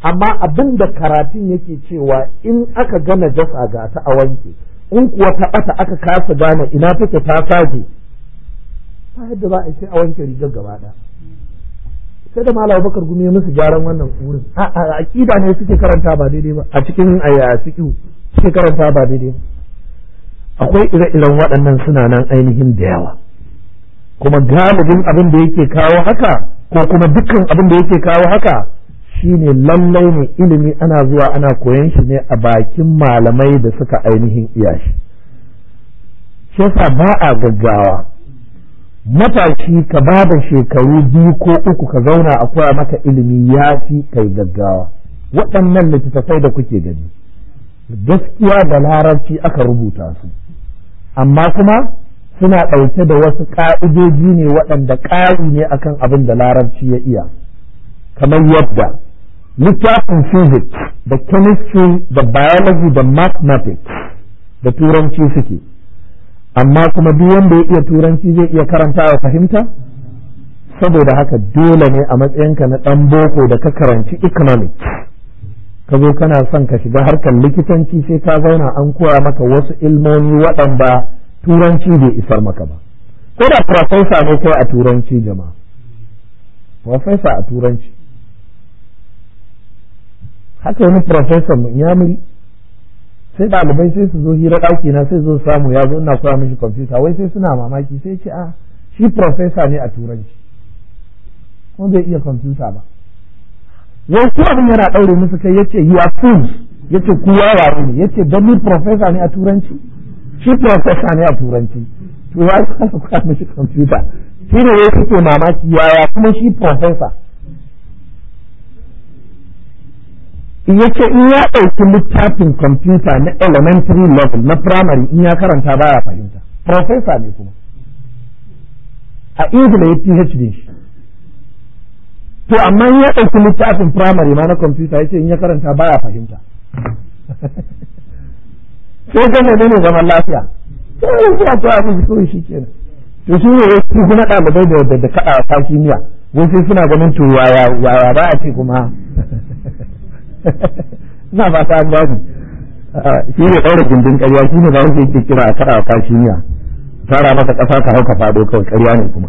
amma abin da karatun yake cewa in aka gana jasa ga ta a wanke in kuwa ta bata aka kasa gane ina take ta saje ba yadda ba a yi a wanke rigar gaba ɗaya sai da malam bakar gumi ya musu gyaran wannan wurin a aqida ne suke karanta ba daidai ba a cikin ayya suke karanta ba daidai ba akwai ire-iren waɗannan suna nan ainihin da yawa kuma galibin abin da yake kawo haka ko kuma dukkan abin da yake kawo haka shine lallai ne ilimi ana zuwa ana koyan shi ne a bakin malamai da suka ainihin iyashi. shi shi ba a gaggawa matashi ka ba da shekaru biyu ko uku ka zauna a koya maka ilimi ya fi kai gaggawa waɗannan littattafai da kuke gani gaskiya da larabci aka rubuta su amma kuma suna ɗauke da wasu ƙa'idoji ne waɗanda ƙari ne akan abin da larabci ya iya kamar yadda littafin physics da chemistry da biology da mathematics da turanci suke amma kuma duk wanda ya iya turanci zai iya karanta wa fahimta saboda haka dole ne a matsayinka na ɗan boko da ka karanci economic. ka zo kana son ka shiga harkar likitanci sai ka zauna an koya maka wasu ilmomi waɗanda turanci bai isar maka ba ko da farfesa ne kai a turanci jama'a farfesa a turanci haka wani farfesa mu yamuri sai ɗalibai sai su zo hira ɗaki na sai zo samu ya zo ina koya mishi kwamfuta wai sai suna mamaki sai ce a ah, shi profesa ne a turanci kuma bai iya kwamfuta ba wai ko abin yana ɗaure musu kai yace you are fools yace ku yara ne yace don ni profesa ne a turanci shi profesa ne a turanci to ya kasa koya mishi kwamfuta shi ne yake mamaki yaya kuma shi profesa ya ce in ya ɗauki littafin kwamfuta na elementary level na primary in ya karanta baya fahimta profesa ne kuma a ingila ya phd shi to amma in ya ɗauki littafin primary ma na kwamfuta ya ce in ya karanta baya fahimta sai gama ne zaman lafiya sai ya ce a to abin kawai shi kenan to shi ne wasu kuma ɗalibai da da kaɗa ta kimiyya wasu suna ganin to waya waya ba a ce kuma na fata an gani ah, shi ne ɗaura gindin karya shi ne ba wanda ke kira a kara ka shi niya fara masa ƙasa ka hau ka faɗo kawai karya ne kuma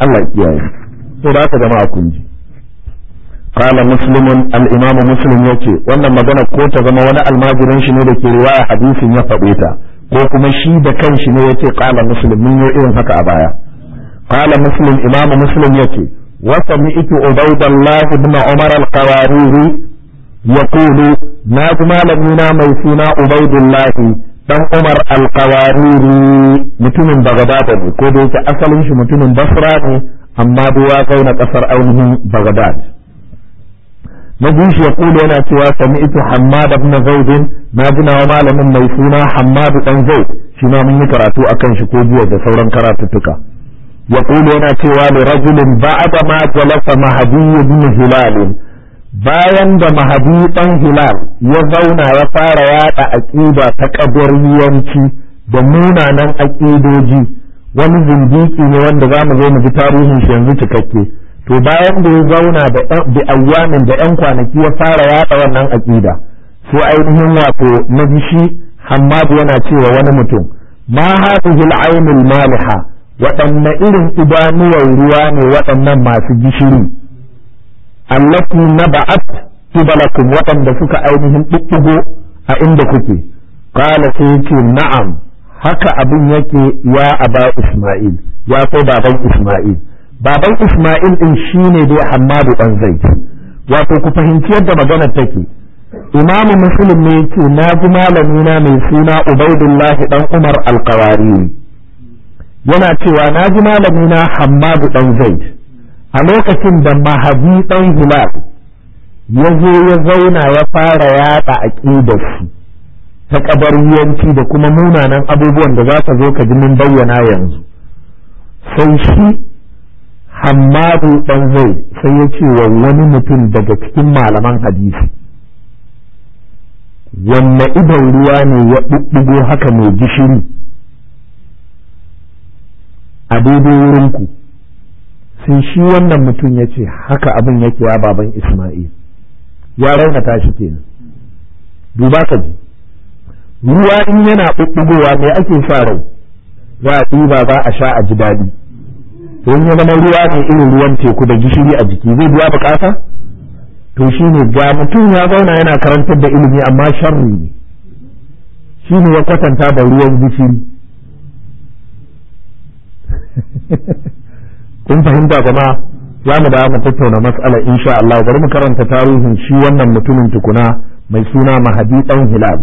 Allah ya kiyaye So da ka gama a kunji قال مسلم الامام مسلم yake wannan magana ko ta zama wani almajirin shi ne da ke riwaya hadisin ya faɗe ta ko kuma shi da kanshi ne yake قال مسلم mun yi irin haka a baya قال مسلم امام مسلم yake. وسمعت عبيد الله بن عمر القواريري يقول ما جمال منا ميسينا عبيد الله dan Umar alkawariri mutumin Bagdad ne ko da yake asalin shi mutumin Basra ne amma duwa kai na kasar ainihin Bagdad na biyu shi yaqulu yana cewa sami'tu Hammad ibn Zaid na wa malamin mai suna Hammad dan Zaid shi ma mun karatu akan shi ko jiya da sauran karatuttuka yaqulu yana cewa li rajulin ba'da ma jalasa mahdi ibn bayan da mahdi hilal ya zauna ya fara yada aƙida ta kabariyanci da munanan aqidoji wani zindiki ne wanda za mu zo mu ji tarihin shi yanzu cikakke to bayan da ya zauna da awamin da yan kwanaki ya fara yada wannan aƙida su ainihin wato na shi hammadu yana cewa wani mutum ma hadhihi al maliha waɗanne irin idanuwar ruwa ne waɗannan masu gishiri allati naba'at kibalakum waɗanda suka ainihin ɗiɗɗigo a inda kuke qala sai yace na'am haka abin yake ya aba isma'il ya ko baban isma'il baban isma'il din shine dai hammadu dan zaid wato ku fahimci yadda maganar take imam muslim ne yake na ji malami na mai suna Ubaidullahi dan umar alqawari yana cewa na ji malami na hammadu ɗan zaid a lokacin da mahadi ɗan hilal ya zo ya zauna ya fara yaɗa a ƙidarsu ta kabaruwanci da kuma munanan abubuwan da za ka zo ka ji bayyana yanzu sai shi hammadu ɗan zaid sai ya ce wa wani mutum daga cikin malaman hadisi wanne idon ruwa ne ya ɗuɗɗugo haka mai gishiri a daidai wurinku sai shi wannan mutum ya ce haka abin yake ya baban isma'il ya raunata shi kenan duba ka ji ruwa in yana ɓuɓɓugowa mai ake sa rau za a ɗiba za a sha a ji daɗi don ya zama ruwa ne irin ruwan teku da gishiri a jiki zai biya bukata to shi ne ga mutum ya zauna yana karantar da ilimi amma sharri ne shi ne ya kwatanta da ruwan gishiri kun fahimta kuma za mu dawo mu tattauna mas'ala insha Allah bari mu karanta tarihin shi wannan mutumin tukuna mai suna Mahadi dan Hilal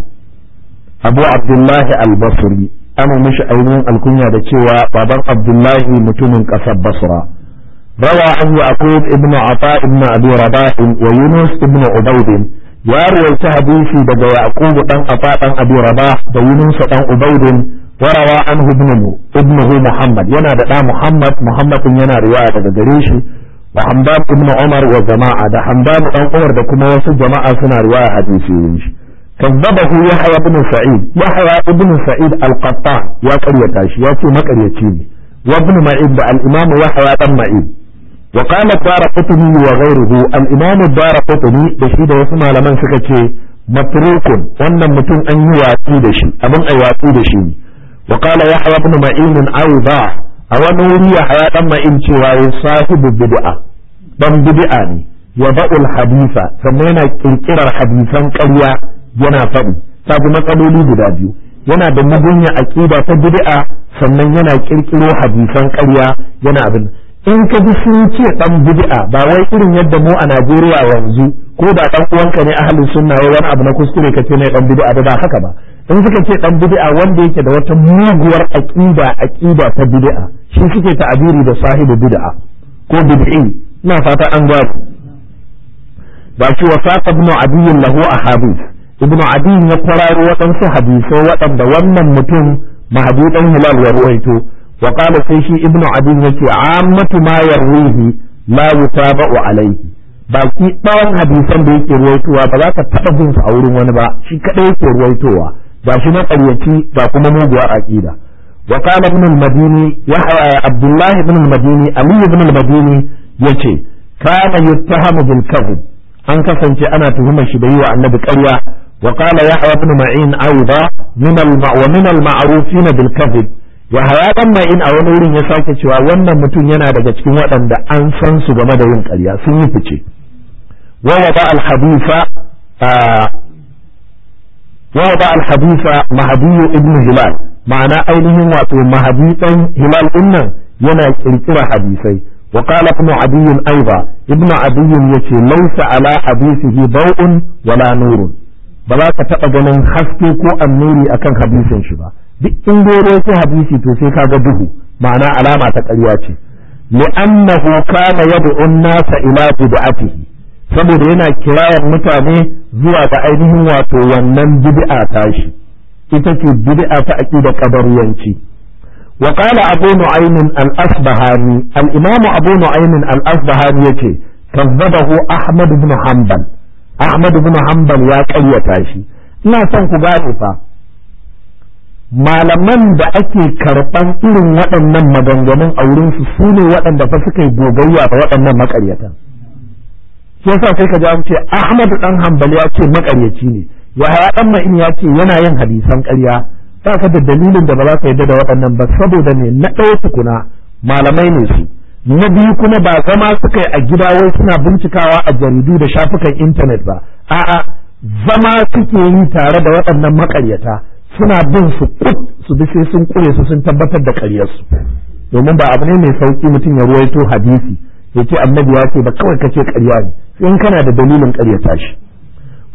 Abu Abdullahi Al-Basri ana mishi ainihin alkunya da cewa baban Abdullahi mutumin kasar Basra Abu Aqub ibn Ata ibn Abi Rabah wa Yunus Ibn Ubayd ya ruwaita hadisi daga Yaqub dan Afa dan Abi Rabah da Yunus dan Ubayd وروى عنه ابنه ابنه محمد ينا دا محمد محمد ينا رواية دقريشي وحمدان ابن عمر وجماعة دا حمدان ابن عمر دا كما وصل جماعة سنة رواية حديثي كذبه يحيى بن سعيد يحيى ابن سعيد القطان يا كريتاش يا كي ما كريتيني وابن معيد الإمام يحيى بن معيد وقال الدار قطني وغيره الإمام الدار قطني بشيد وسمع لمن سكتي متروك وانا متون أن يواتي دشي أبن أيواتي دشي wa ya yahya ibn ma'in ba a wani wuri yahya dan ma'in cewa ya sahibu bid'a dan bid'a ne ya ba'ul hadisa sannan yana ƙirƙirar hadisan ƙarya yana faɗi sabu matsaloli guda biyu yana da mugunya ƙiba ta bid'a sannan yana ƙirƙiro hadisan ƙarya yana abin in ka ji sun ce ɗan bid'a ba wai irin yadda mu a Najeriya yanzu ko da ɗan uwanka ne ahalin sunna wai wani abu na kuskure ka ce mai ɗan bid'a ba haka ba in suka ce dan bid'a wanda yake da wata muguwar aqida aqida ta bid'a shi suke ta'abiri da sahibi bid'a ko bid'i ina fata an ga ba shi saqa ibn abi lahu ahadith ibn abi ya kwararo waɗansu hadisai waɗanda wannan mutum mahdudan hilal ya ruwaito wa qala sai shi ibn abi yace ammatu ma yarwihi la yutaba'u alayhi baki ɗawan hadisan da yake ruwaitowa ba za ka taɓa bin su a wurin wani ba shi kaɗai yake ruwaitowa Ba shi maƙaryaci ga kuma muguwar aƙida wa qala ibn al-madini ya eh, abdullah ibn al-madini ali ibn al-madini yace kana yuttahamu bil kadhib an kasance ana tuhumar shi da yi wa annabi ƙarya wa qala yahya ibn ma'in aidan min al-ma'wa min al-ma'rufin bil kadhib ya haya dan ma'in a wani wurin ya sake cewa wannan mutum yana daga cikin waɗanda an san su game da yin ƙarya sun yi fice wa wada al wa ba al-hadisa mahdiyu ibn hilal ma'ana ainihin wato mahdi dan hilal dinnan yana kirkira hadisai wa qala ibn aiba ibn abi yace laysa ala hadisihi baw'un wala nurun ba za ka taba ganin haske ko annuri akan hadisin shi ba duk in dore ko hadisi to sai ka ga duhu ma'ana alama ta ƙarya ce li'annahu kama yad'u an-nasa ila bid'atihi saboda yana kirayar mutane zuwa ga ainihin wato wannan bid'a tashi ita ce bid'a ta aqida qadariyanci wa qala abu nu'aym al-asbahani al-imam abu nu'aym al-asbahani yace kazzabahu ahmad ibn hanbal ahmad ibn hanbal ya ƙaryata shi ina son ku gane fa malaman da ake karɓan irin waɗannan maganganun a wurin su ne waɗanda fa suka yi gogayya da waɗannan maƙaryatan yasa sai ka ji ce Ahmad dan Hanbali ya ce makaryaci ne Yahaya dan Ma'in ya ce yana yin hadisan ƙarya ba ka da dalilin da ba za ka yadda da waɗannan ba saboda ne na ɗaya tukuna malamai ne su na biyu kuma ba zama suka yi a gida wai suna bincikawa a jaridu da shafukan intanet ba a'a zama suke yi tare da waɗannan makaryata suna bin su kut su bi sai sun kure su sun tabbatar da ƙaryarsu domin ba abu ne mai sauki mutum ya ruwaito hadisi ya ce annabi ya ce ba kawai ce ƙarya ne in kana da dalilin ƙaryata shi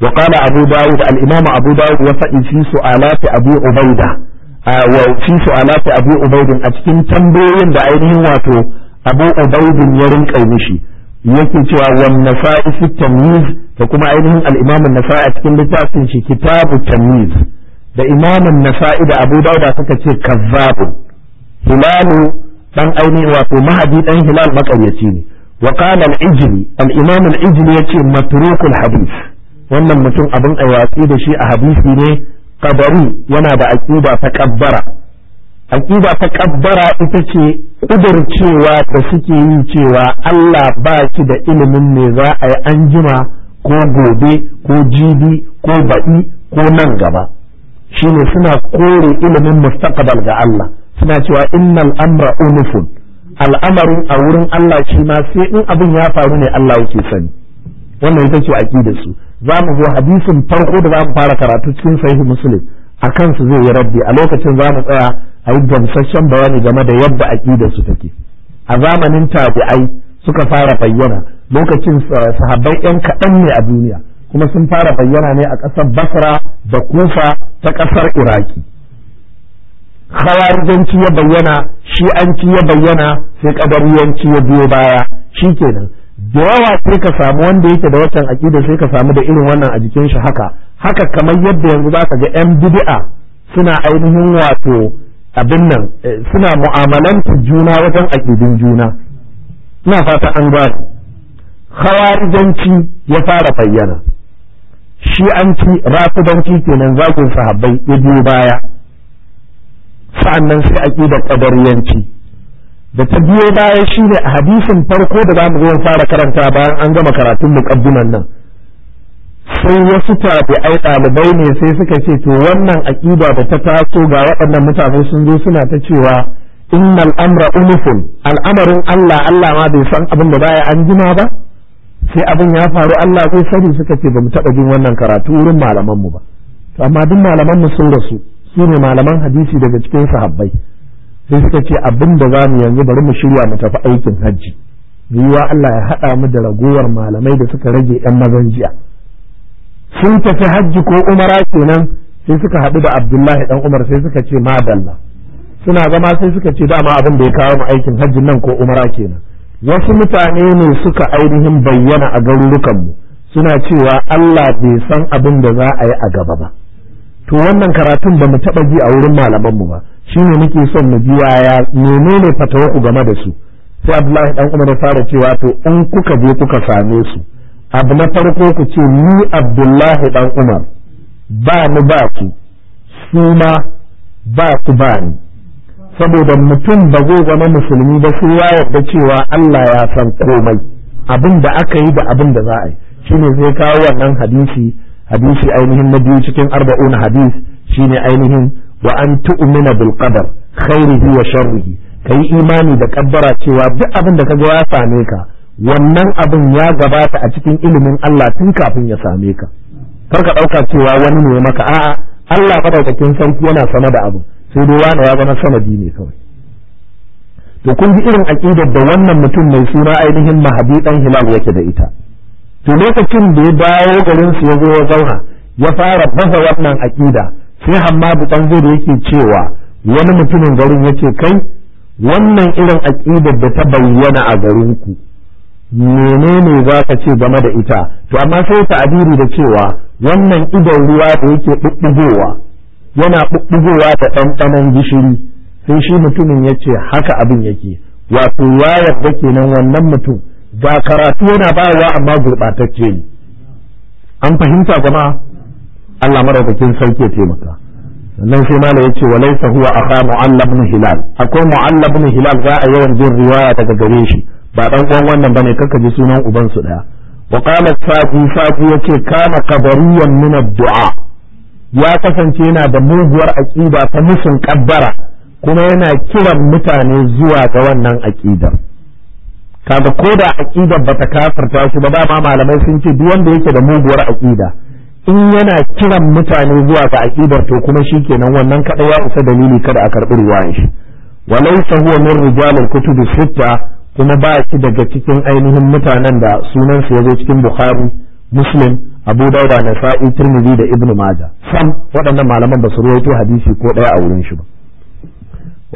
wa qala abu dawud al imam abu dawud wa fa'i fi su'alat abu ubaida wa fi su'alat abu ubaid a cikin tambayoyin da ainihin wato abu ubaid ya rinka mishi yake cewa wan nasa'i fi tamyiz da kuma ainihin al imam an-nasa'i a cikin littafin shi kitabu tamyiz da imam an-nasa'i da abu dawud suka ce kazzabu hilalu dan ainihin wato mahadi dan hilal makaryaci ne wa qala al-ijli al-imam al-ijli yace matrukul hadith wannan mutum abin ayatsi da shi a hadisi ne qadari yana da aqida ta kabbara aqida ta kabbara ita ce kudurcewa da suke yi cewa Allah ba shi da ilimin ne za a yi anjima ko gobe ko jibi ko baɗi ko nan gaba shine suna kore ilimin mustaqbal ga Allah suna cewa innal amra unufun al'amarin a wurin Allah shi ma sai in abin ya faru ne Allah yake sani wannan ita ce aqidar su za mu zo hadisin farko da za mu fara karatu cikin sahihu muslim a kansu zai yi rabbi a lokacin za mu tsaya a yi gamsasshen bayani game da yadda aqidar su take a zamanin tabi'ai suka fara bayyana lokacin sahabbai yan kaɗan ne a duniya kuma sun fara bayyana ne a ƙasar basra da kufa ta ƙasar iraki khawarijanci ya bayyana shi shi'anci ya bayyana sai kadariyanci ya biyo baya shikenan da yawa sai ka samu wanda yake da wancan aqida sai ka samu da irin wannan a jikin shi haka haka kamar yadda yanzu za ka ga yan bid'a suna ainihin wato abin nan eh, suna mu'amalanta juna wajen aqidin juna ina fata an ga khawarijanci ya fara bayyana shi'anci rafidanci kenan zakin sahabbai ya biyo baya sa'annan sai aqidar ƙadariyanci da ta biyo baya ne a hadisin farko da zamu zo fara karanta bayan an gama karatun muqaddiman nan sai wasu ai ɗalibai ne sai suka ce to wannan aƙida da ta taso ga waɗannan mutane sun zo suna ta cewa innal amra unufun al'amarin Allah Allah ma bai san abin da baya an jima ba sai abin ya faru Allah zai sani suka ce bamu mu taɓa jin wannan karatu wurin malaman mu ba to amma duk malaman mu sun rasu su ne malaman hadisi daga cikin sahabbai sai suka ce abin da za mu yanzu bari mu shirya mu tafi aikin hajji yiwuwa Allah ya haɗa mu da ragowar malamai da suka rage yan mazan jiya sun tafi hajji ko umara kenan sai suka haɗu da Abdullahi ɗan Umar sai suka ce madalla suna zama sai suka ce dama abin da ya kawo mu aikin hajji nan ko umara kenan wasu mutane ne suka ainihin bayyana a garurukanmu suna cewa Allah bai san abin da za a yi a gaba ba to wannan karatun ba mu taɓa ji a wurin malamanmu ba shi ne muke son mu ji yaya menene fatawa ku game da su sai abdullahi dan umar fara cewa to in kuka je kuka same su abu na farko ku ce ni abdullahi dan umar ba mu ba ku su ma ba ku ba ni saboda mutum ba zai zama musulmi ba sai ya yarda cewa Allah ya san komai abin da aka yi da abin da za a yi shine zai kawo wannan hadisi hadisi ainihin na biyu cikin arba'un hadis shine ainihin wa an tu'mina bil qadar khairihi wa sharrihi kai imani da kaddara cewa duk abin da kaga ya same ka wannan abin ya gabata a cikin ilimin Allah tun kafin ya same ka kar ka dauka cewa wani ne maka a'a Allah madaukakin sarki yana sama da abu sai dai wani ya zama sanadi ne kawai to kun ji irin aqidar da wannan mutum mai suna ainihin mahadi dan hilal yake da ita to lokacin da ya dawo garin su ya zo ya zauna ya fara baza wannan aƙida sai hamma dan zai yake cewa wani mutumin garin yace kai wannan irin aƙidar da ta bayyana a garin ku menene za ka ce game da ita to amma sai ta adiri da cewa wannan idon ruwa da yake ɗuɗɗugowa yana ɗuɗɗugowa da ɗanɗanon gishiri sai shi mutumin ya ce haka abin yake wato ya yarda kenan wannan mutum ga karatu yana bayarwa amma gurɓatacce ne an fahimta zama. Allah maraukakin sarki ya taimaka sannan sai malam ya ce sa huwa aka mu'allab ibn hilal akwai mu'allab ibn hilal za a yawan jin riwaya daga gare shi ba dan uwan wannan bane kaka ji sunan uban su daya wa qala saqi saqi yace kana qabariyan min ad-du'a ya kasance yana da muguwar aƙida ta musun ƙabbara kuma yana kiran mutane zuwa ga wannan aqidar kaga ko da aqidar bata kafarta shi ba ba malamai sun ce duk wanda yake da muguwar aqida in yana kiran mutane zuwa ga aqidar to kuma shikenan wannan kada ya isa dalili kada a karbi riwayar shi walaysa huwa min rijalil kutubi sitta kuma ba shi daga cikin ainihin mutanen da sunan su yazo cikin bukhari muslim abu dauda nasa'i tirmidhi da ibnu majah sam waɗannan malaman ba su rawaito hadisi ko ɗaya a wurin shi ba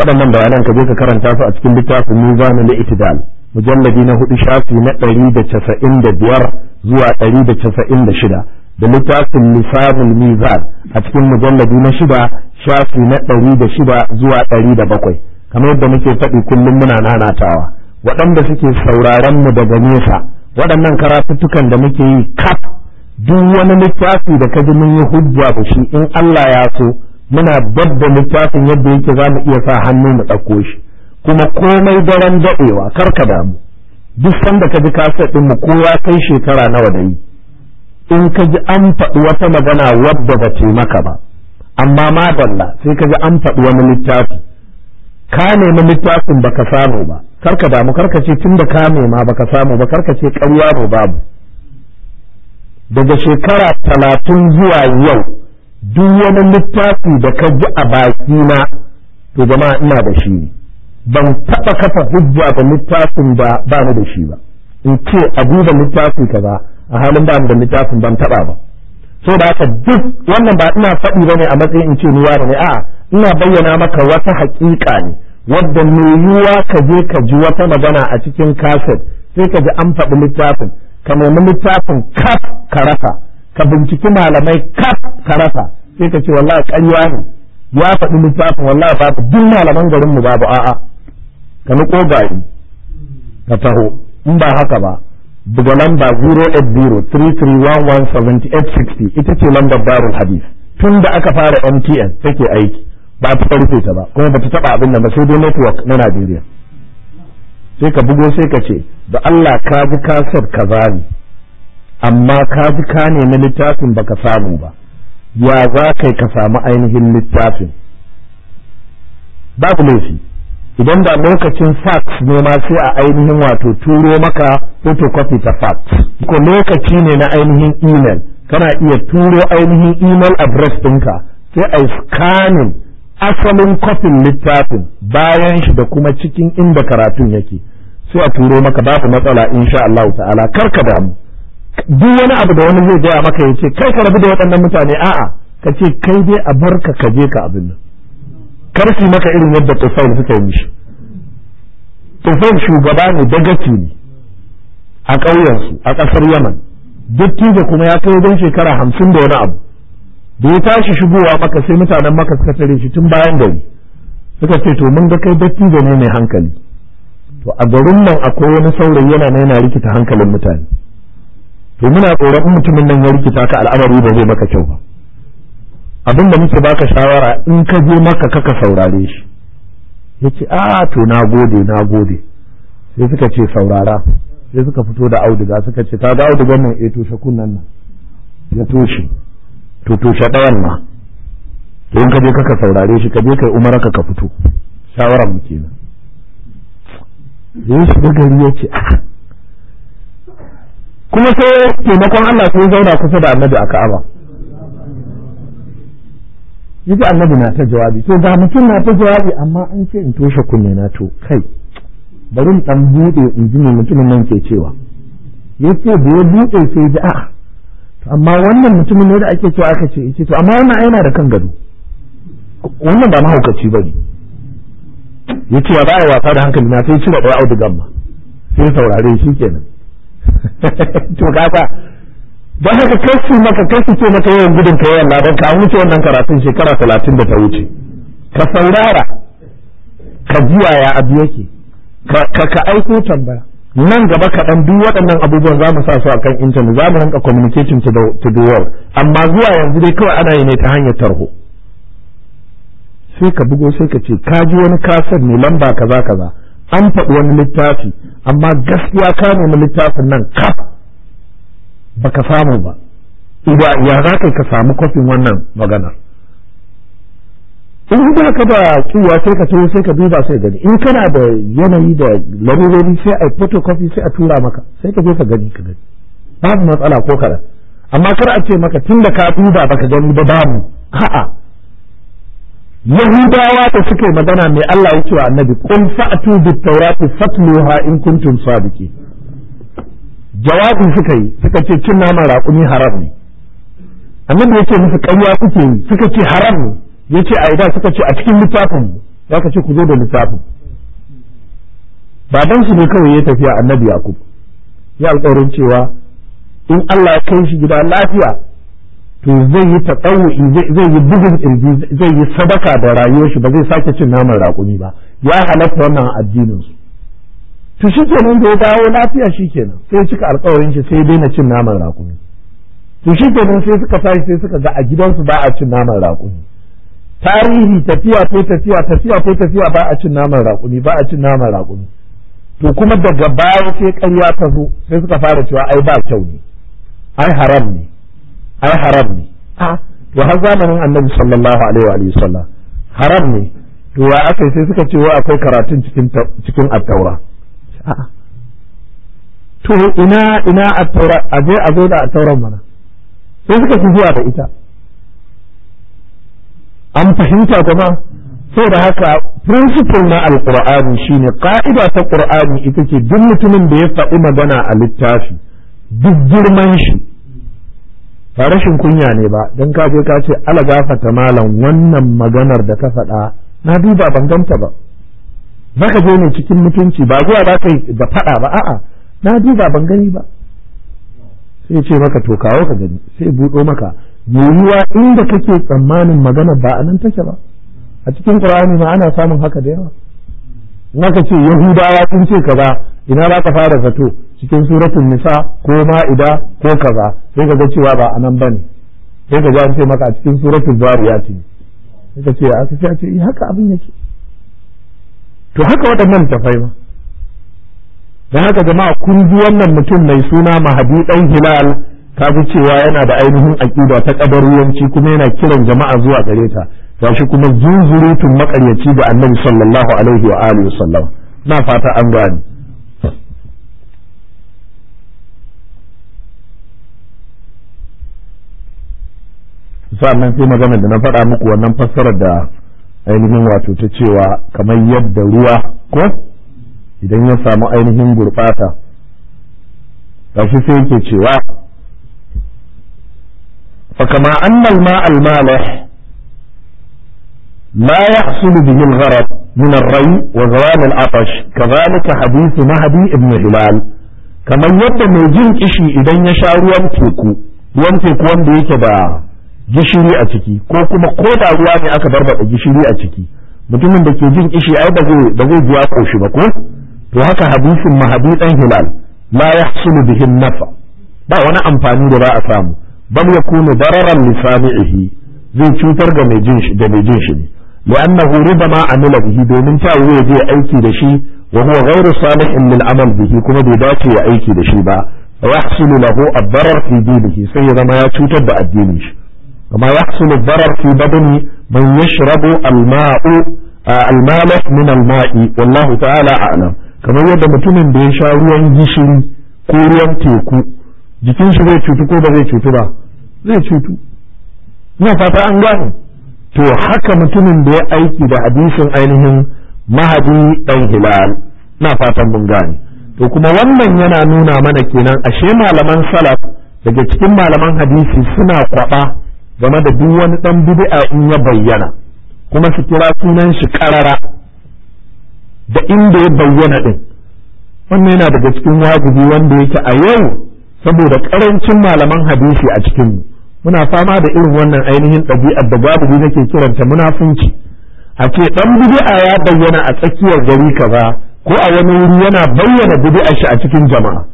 waɗannan bayanan ka je ka karanta su a cikin littafin mizanul itidal mujalladi na hudu shafi na ɗari da casa'in da biyar zuwa ɗari da casa'in da shida da littafin lissafin mizan a cikin mujalladi na shida shafi na ɗari da shida zuwa ɗari da bakwai kamar yadda muke faɗi kullum muna nanatawa waɗanda suke sauraron mu daga nesa waɗannan karatuttukan da muke yi kaf duk wani littafi da ka ji mun yi hujja da shi in Allah ya so muna babba littafin yadda yake za mu iya sa hannu mu ɗauko shi kuma komai daren daɗewa karka damu duk sanda ka ji kaset ɗin mu ko ya kai shekara nawa da yi in ka ji an faɗi wata magana wadda ba ce maka ba amma ma balla sai ka ji an faɗi wani littafi ka nemi littafin baka samu ba karka damu karka ce tun da ka nema baka samu ba karka ce ƙarya ba babu daga shekara talatin zuwa yau duk wani littafi da ka ji a baki na to jama'a ina da shi ne ban taɓa kafa hujja ga littafin ba ba ni da shi ba in ce a duba littafin ka ba a halin ba mu da littafin ban taɓa ba so da haka duk wannan ba ina faɗi ba ne a matsayin in ce ni ware ne a'a ina bayyana maka wata haƙiƙa ne wadda me yiwuwa ka je ka ji wata magana a cikin kaset sai ka ji an faɗi littafin ka nemi littafin kaf ka rasa ka binciki malamai kaf ka rasa sai ka ce wallahi ƙarya ne ya faɗi littafin wallahi babu duk malaman garin mu babu a'a ka nuko gari ka taho in ba haka ba buga lamba 08033117860 ita ce lambar darul hadith tun da aka fara MTN take aiki ba ta rufe ta ba kuma ba ta taba abin nan ba sai dai network na Najeriya sai ka bugo sai ka ce da Allah ka ji kasar ka ne amma ka ji ka nemi littafin baka samu ba ya za kai ka samu ainihin littafin babu laifi idan da lokacin fax ne ma sai a ainihin wato turo maka photocopy ta fax ko lokaci ne na ainihin email kana iya turo ainihin email address ɗinka sai a scanning asalin kwafin littafin bayan shi da kuma cikin inda karatun yake sai a turo maka babu matsala insha Allah ta'ala karka damu duk wani abu da wani zai gaya maka ya ce kai ka rabu da waɗannan mutane a'a ka ce kai dai a barka ka je ka abin nan Karfi maka irin yadda tufail suka yi mishi tufail shugaba ne dagaci ne a ƙauyensu a ƙasar yaman dattijo kuma ya kai don shekara hamsin da wani abu da ya tashi shigowa maka sai mutanen maka suka tare shi tun bayan gari suka ce to mun ga kai dattijo ne mai hankali to a garin nan akwai wani saurayi yana nan yana rikita hankalin mutane to muna tsoron mutumin nan ya rikita ka al'amari ba zai maka kyau ba abin da muke baka shawara in ka je maka kaka saurare shi ya ce a ah, to na gode na gode sai suka ce saurara sai suka fito da auduga suka ce ta ga audugan nan eh toshe kunnan nan ya toshe to toshe ɗayan ma to in ka je kaka saurare shi ka je kai umara ka ka fito shawara mu kenan ya shiga gari ya ce ah. kuma sai taimakon Allah sai zauna kusa da annabi a Ka'aba yaji annabi na ta jawabi to ga mutum na ta jawabi amma an ce in toshe kunne na to kai bari mu dan bude in ji me mutumin nan ke cewa yace da ya bude sai ji a to amma wannan mutumin ne da ake cewa aka ce yace to amma wannan yana da kan gado wannan ba mahaukaci bane yace ya baya wasa da hankali na sai cire ɗaya audugan ma sai saurare shi kenan to kaga ba haka kai maka kasu ce maka yawan gudun ka yawan ladan ka wuce wannan karatun shekara talatin da ta wuce ka saurara ka jiya ya abu yake ka ka aiko tambaya nan gaba kaɗan duk waɗannan abubuwan za mu sa su akan intanet za mu rinka communicating to the world amma zuwa yanzu dai kawai ana yi ne ta hanyar tarho sai ka bugo sai ka ce ka ji wani kasar ne lamba kaza kaza an faɗi wani littafi amma gaskiya ka nemi littafin nan kaf baka samu ba ya za ka ka samu kofin wannan maganar in ba ka ba kiwa sai ka tuwo sai ka duba sai gani in kana da yanayi da larurori sai a photocopy sai a tura maka sai ka je ka gani ka gani babu matsala ko kaɗan amma kar a ce maka tun da ka duba baka gani ba babu a'a yahudawa da suke magana mai Allah ya ce wa annabi qul fa'tu bit tawrati fatluha in kuntum sadiqin jawabi suka yi suka ce cin naman raƙumi haram ne annabi ya ce musu ƙarya kuke yi suka ce haram ne ya ce a ida suka ce a cikin littafin ya ka ce ku zo da littafin Babansu su ne kawai ya tafiya annabi yakub ya alƙawarin cewa in Allah ya kai shi gida lafiya to zai yi taɗawu'i zai yi bugun ƙirji zai yi sadaka da rayuwar shi ba zai sake cin naman raƙumi ba ya halatta wannan addinin su to shi kenan da ya dawo lafiya shi kenan sai cika alkawarin shi sai daina cin naman raƙumi to shi kenan sai suka tashi sai suka ga a gidansu ba a cin naman raƙumi tarihi tafiya ko tafiya tafiya ko tafiya ba a cin naman raƙumi ba a cin naman raƙumi to kuma daga baya sai ƙarya ta zo sai suka fara cewa ai ba kyau ne ai haram ne ai haram ne a to har zamanin annabi sallallahu alaihi wa sallam haram ne to ya aka sai suka ce wa akwai karatun cikin cikin at a'a to ina ina a taura a je a zo da a tauran mana sai suka fi zuwa da ita an fahimta kuma da haka principle na alqur'ani shine ka'ida ta qur'ani ita ce duk mutumin da ya faɗi magana a littafi duk girman shi ba rashin kunya ne ba don kaje je ka ce ala gafata malam wannan maganar da ka faɗa na duba ban ganta ba zaka zo ne cikin mutunci ba zuwa ba kai da faɗa ba a'a na duba ban gani ba sai ce maka to kawo ka gani sai buɗo maka yiwuwa inda kake tsammanin magana ba a nan take ba a cikin qur'ani ma ana samun haka da yawa naka ce yahudawa sun ce kaza ina za ka fara zato cikin suratun nisa ko ma'ida ko kaza sai ka ga cewa ba a nan bane sai ka ga ce maka a cikin suratul zariyat ne sai ka ce a ce eh, haka abin yake to haka waɗannan tafai ba da haka jama'a kun ji wannan mutum mai suna mahadi ɗan hilal ta fi cewa yana da ainihin aƙida ta ƙadaruwanci kuma yana kiran jama'a zuwa gare ta shi kuma zunzurutun maƙaryaci da annabi sallallahu alaihi wa alihi wasallam na fata an gane sa'annan sai magana da na faɗa muku wannan fassarar da ainihin wato ta cewa kamar yadda ruwa ko idan ya samu ainihin gurɓata ƙarfi sai yake cewa fa kama annal ma'al malah la yahsulu bihi al-gharad min ar-ray wa zawal al-atash kadhalika hadith mahdi ibn hilal kamar yadda mai jin kishi idan ya sha ruwan teku ruwan teku wanda yake ba. gishiri a ciki ko kuma ko da ruwa ne aka barbaɗa gishiri a ciki mutumin da ke jin kishi ai ba zai ba zai biya koshi ba ko to haka hadisin ɗan hilal la yahsulu bihin nafa ba wani amfani da ba a samu bal yakunu dararan li sami'ihi zai cutar ga mai jin shi da mai jin shi ne li'annahu rubama amila bihi domin ta ya je aiki da shi Ga huwa ghayru salihin lil amal bihi kuma bai dace ya aiki da shi ba yahsulu lahu ad-darar fi dinihi sai ya zama ya cutar da addinin shi kama ya hasulu ba fi ban man yashrabu alma'u almala min alma'i wallahu ta'ala a'lam kamar yadda mutumin da ya sha ruwan gishiri ko ruwan teku jikin shi zai cutu ko ba cutu ba zai cutu ina fata an gane to haka mutumin da ya aiki da hadisin ainihin mahadi dan hilal na fatan mun gane to kuma wannan yana nuna mana kenan ashe malaman salaf daga cikin malaman hadisi suna kwaɓa. game da duk wani ɗan bid'a in ya bayyana kuma su kira sunan shi karara da inda ya bayyana din wannan yana daga cikin wajibi wanda yake a yau saboda karancin malaman hadisi a cikin muna fama da irin wannan ainihin ɗabi'ar da babu galibi nake kiranta munafunci a ce dan bid'a ya bayyana a tsakiyar gari kaza ko a wani wuri yana bayyana bid'a shi a cikin jama'a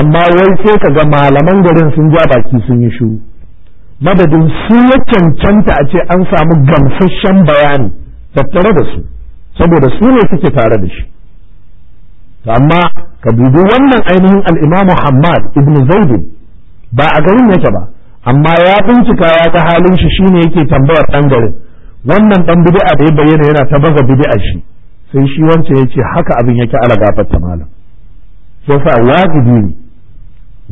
amma wai sai ka malaman garin sun ja baki sun yi shiru madadin su ya cancanta a ce an samu gamsasshen bayani tattare da su saboda su ne suke tare da shi amma ka dubi wannan ainihin al'imamu hamad ibn zaidin ba a garin yake ba amma ya bincika ya ta halin shi shine yake tambayar ɗan garin wannan ɗan bid'a da ya bayyana yana ta baza bid'a shi sai shi wance ya ce haka abin yake ala ta malam sai sa wajibi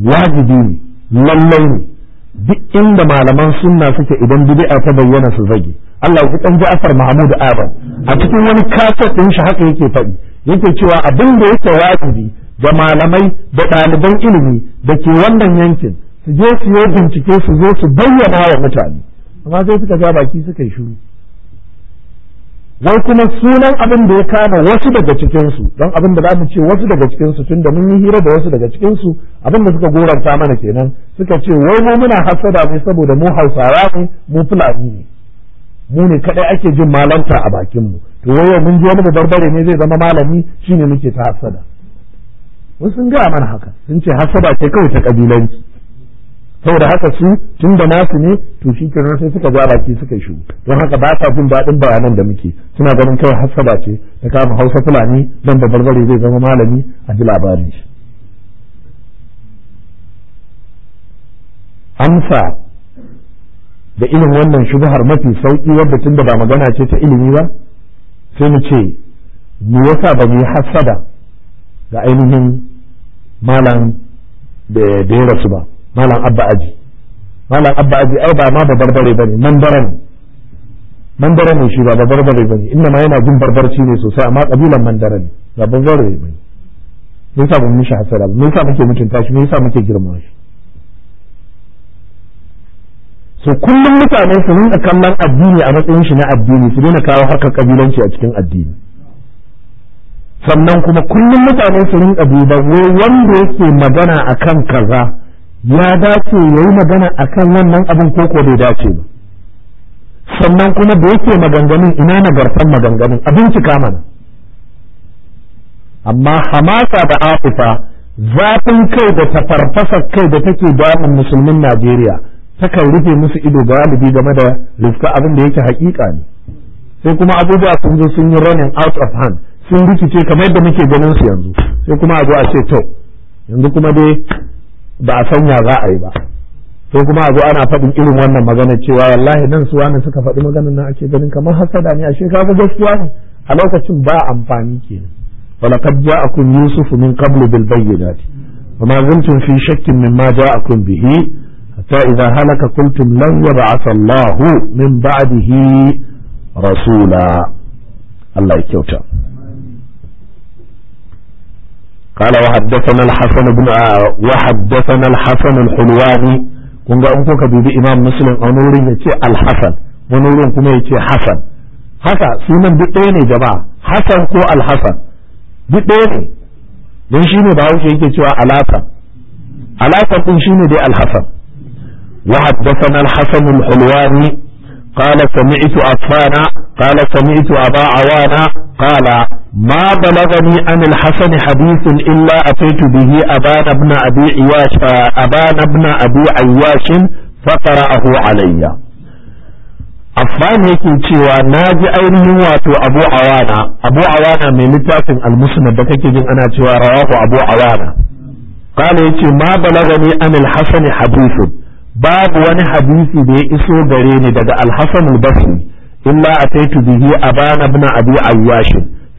wajibi lallai ne duk inda malaman sunna suke idan bid'a ta bayyana su zage Allah ya dan Ja'far Mahmud Adam a cikin wani kafet din shi haka yake faɗi yake cewa abin da yake wajibi da malamai da ɗaliban ilimi da ke wannan yankin su je su yi bincike su zo su bayyana wa mutane amma sai suka ja baki suka yi shiru wai kuma sunan abin da ya kama wasu daga cikinsu don abin da za mu ce wasu daga cikinsu tun da mun yi hira da wasu daga cikinsu abin da suka goranta mana kenan suka ce wai mu muna hasada ne saboda mu hausawa ne mu fulani ne mu ne kadai ake jin malanta a bakin mu to wai mun je wani barbare ne zai zama malami shine muke ta hasada wasu sun gaya mana haka sun ce hasada ce kawai ta kabilanci saboda haka su tun da nasu ne to shi kenan sai suka ga baki suka shigo don haka ba sa jin daɗin bayanan da muke suna ganin kawai hasada ce ta kama hausa fulani dan barbare zai zama malami a ji labarin shi amsa da irin wannan shubhar mafi sauki wadda tunda ba magana ce ta ilimi ba sai mu ce mu yasa ba mu yi hassada ga ainihin malam da ya rasu ba malam abba aji malam abba aji ai ba ma ba barbare ba ne. mandaran mandara ne shi ba ba barbare ba ne inda ma yana jin barbarci ne sosai amma kabilan mandara ne ba barbare ba ne mun sa mun mishi hasara mun sa muke mutunta shi mun sa muke girma shi so kullum mutane su nuna kallon addini a matsayin shi na addini su daina kawo haka kabilanci a cikin addini sannan kuma kullum mutane su rinka duba wanda yake magana a kan kaza ya dace ya yi magana a kan wannan abin koko bai dace ba sannan kuma da yake maganganun ina nagartan maganganun abin cika mana amma hamasa da afifa zafin kai da tafarfasa kai da take damun musulmin najeriya takan rufe musu ido galibi game da rufka abin da yake hakika ne sai kuma abubuwa sun zo sun yi running out of hand sun rikice kamar da muke ganin su yanzu sai kuma a a ce to yanzu kuma dai ba a sanya za a yi ba sai kuma a ana faɗin irin wannan magana cewa wallahi nan su wani suka faɗi maganar nan ake ganin kamar hasada ne ashe shekaru gaskiya ne a lokacin ba amfani kenan walaqad ja'akum yusufu min qablu bil bayyinati وما zuntum fi shakkin mimma ja'akum bihi حتى إذا هلك قلتم لن يبعث الله من بعده رسولا الله يكوتا قال وحدثنا الحسن بن وحدثنا الحسن الحلواني kun ga in kuka dubi imam muslim a wurin ya ce alhassan wani wurin kuma ya ce hasan haka sunan duk ne jama'a hasan ko alhassan duk ɗaya ne don shi ne yake cewa alasan ɗin shi ne dai alhasan. وحدثنا الحسن الحلواني قال سمعت عفان قال سمعت أبا عوانا قال ما بلغني عن الحسن حديث إلا أتيت به أبان ابن أبي عياش أبان ابن أبي عياش فقرأه علي yake cewa na ji ainihin wato Abu Awana, Abu Awana mai littafin al-Musnad kake jin ana cewa rawahu Abu Awana. Kana yace ma balagani an al babu wani hadisi da ya iso gare ni daga alhassan al-basri illa ataitu bihi aban ibn abi ayyash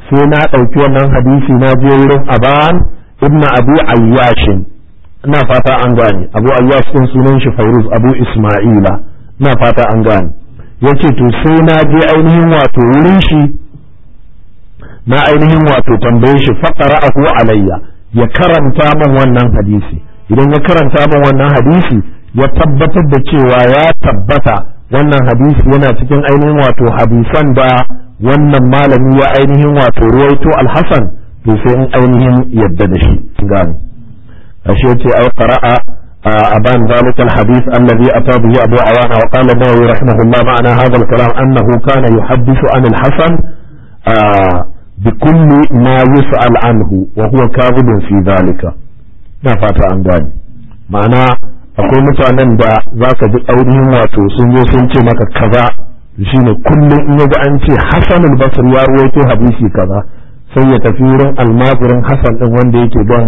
sai na dauki wannan hadisi na je wurin aban ibn abi ayyash ina fata an gane abu ayyash din sunan shi fairuz abu isma'ila ina fata an gane yace to sai na je ainihin wato wurin shi na ainihin wato tambaye shi faqara aku alayya ya karanta min wannan hadisi idan ya karanta min wannan hadisi ya tabbatar da cewa ya tabbata wannan hadisi yana cikin ainihin wato hadisan da wannan malami ya ainihin wato ruwaito alhassan to sai in ainihin yadda da shi gani ashe ce au qara'a aban zalika alhadith alladhi ata abu awana wa qala nawawi rahimahullah ma'ana hadha alkalam annahu kana yuhaddithu an alhasan بكل ما يسأل عنه وهو كاذب في ذلك لا فاتا عن ذلك معناه akwai mutanen da za ka ji ainihin wato sun zo sun ce maka kaza Shi ne kullum in yaga an ce Hassan al-Basri ya ruwaito hadisi kaza sai ya tafi wurin almajirin Hassan din wanda yake don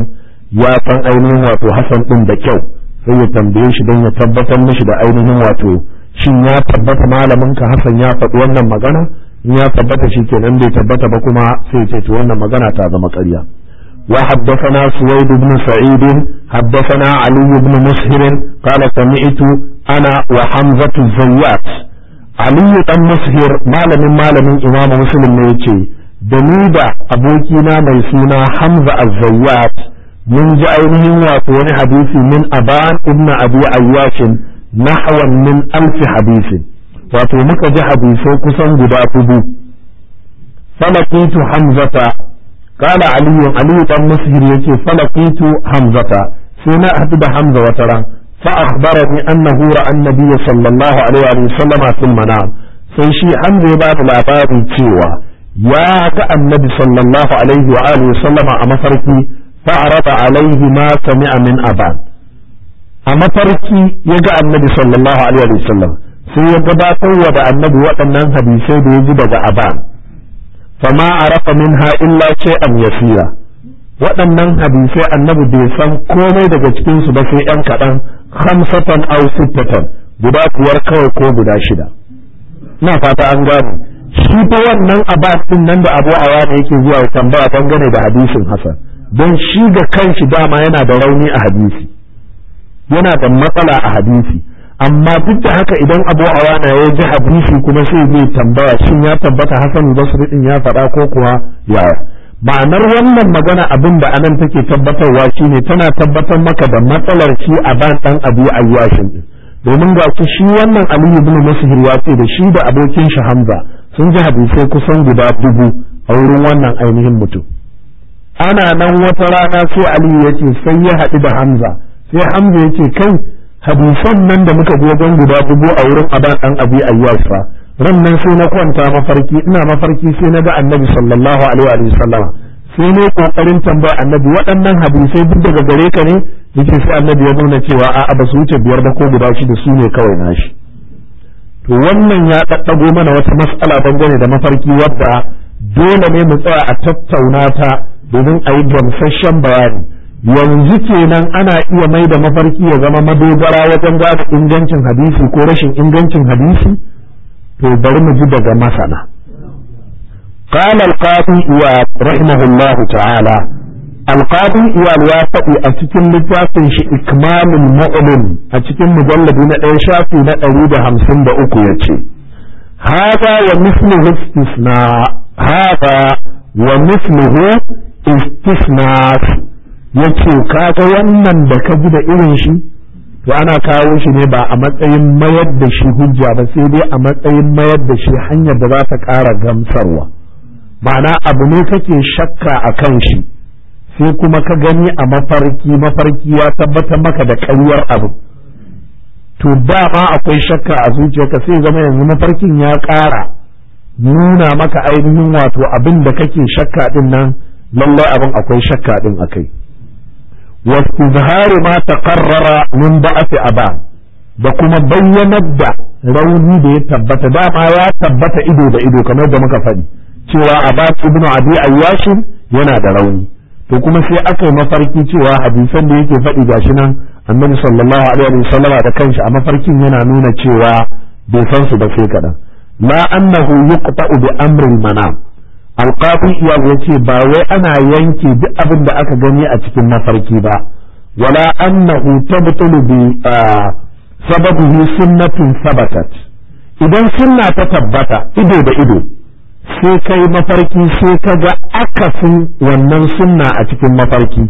ya san ainihin wato Hassan din da kyau sai ya tambaye shi don ya tabbatar mishi da ainihin wato shin ya tabbata malamin ka Hassan ya faɗi wannan magana in ya tabbata shi kenan bai tabbata ba kuma sai ya ce to wannan magana ta zama ƙarya وحدثنا سويد بن سعيد حدثنا علي بن مسهر قال سمعت أنا وحمزة الزيات علي بن مسهر مالم مالم إمام مسلم يتي دميدا أبوكينا ميسونا حمزة الزيات من جاءني واتوني حديثي من أبان ابن أبي عياش نحو من ألف حديث واتو مكجي حديثه كسن قباته فلقيت حمزة قال علي علي بن مسجد يكي فلقيت حمزة سينا أحدد حمزة وترى فأخبرني أنه رأى النبي صلى الله عليه وسلم في المنام فشي حمزة بعد الأباب تيوى يا النبي صلى الله عليه وآله وسلم أمثركي فعرض عليه ما سمع من أبان أمثركي يجع النبي صلى الله عليه وسلم سيجبات ودع النبي وأنه حديثي بيجي بجع أبان fama arafa minha illa shay'an yasira waɗannan hadisai annabi bai san komai daga cikin su ba sai ɗan kaɗan khamsatan aw sittatan guda kuwar kawai ko guda shida ina fata an gane shi ba wannan abbas din nan da abu awa ne yake zuwa tambaya dangane da hadisin hasan don shi ga kanshi dama yana da rauni a hadisi yana da matsala a hadisi amma duk da haka idan abu a awana ya ji hadisi kuma sai zai tambaya shin ya tabbata hasan basri din ya faɗa ko kuwa yaya ma'anar wannan magana abin da anan take tabbatarwa shine tana tabbatar maka da matsalar shi a ban dan abu ayyashin din domin ga su shi wannan aliyu bin masihir ya ce da shi da abokin shi hamza sun ji hadisi kusan guda dubu a wurin wannan ainihin mutum ana nan wata rana sai aliyu ya ce sai ya haɗu da hamza sai hamza ya ce kai tabufan nan da muka gogon guda bugo a wurin aban dan abi ayyas fa ran nan sai na kwanta mafarki ina mafarki sai na ga annabi sallallahu alaihi wa sallam sai ne kokarin tambaya annabi waɗannan hadisai duk daga gare ka ne yake sai annabi ya nuna cewa a'a ba su wuce biyar ba ko guda shi shida su ne kawai nashi to wannan ya daddago mana wata mas'ala bangare da mafarki wadda dole ne mu tsaya a tattauna ta domin a yi gamsasshen bayani yanzu kenan ana iya mai da mafarki ya zama madogara wajen gaba ingancin hadisi ko rashin ingancin hadisi to bari mu ji daga masana qala al-qadi rahimahu Allah ta'ala al-qadi wa faɗi a cikin littafin shi ikmalul mu'min a cikin mujallad na 1 shafi na ɗari 153 yace hada wa mithluhu istisna hada wa mithluhu istisna yace ka ga wannan da ka ji da irin shi to ana kawo shi ne ba a matsayin mayar da shi hujja ba sai dai a matsayin mayar da shi hanyar da za ta ƙara gamsarwa ma'ana abu ne kake shakka a kan shi sai kuma ka gani a mafarki mafarki ya tabbata maka da karyar abu to da ma akwai shakka a ka sai zama yanzu mafarkin ya ƙara nuna maka ainihin wato abin da kake shakka din nan lallai abin akwai shakka din akai wa izharu ma taqarrara min a ba da kuma bayyanar da rauni da ya tabbata dama ya tabbata ido da ido kamar da muka faɗi cewa abbas ibn abi ayyashin yana da rauni to kuma sai aka yi mafarki cewa hadisan da yake faɗi gashi nan annabi sallallahu alaihi wasallam da kanshi a mafarkin yana nuna cewa bai san su ba sai kadan la annahu yuqta'u bi amri manam Alƙafin iyaz yace ba wai ana yanke duk abin da aka gani a cikin mafarki ba wala annahu tabtulu bi sababihi sunnatun sabatat idan sunna ta tabbata ido da ido sai kai mafarki sai ka ga akasin wannan sunna a cikin mafarki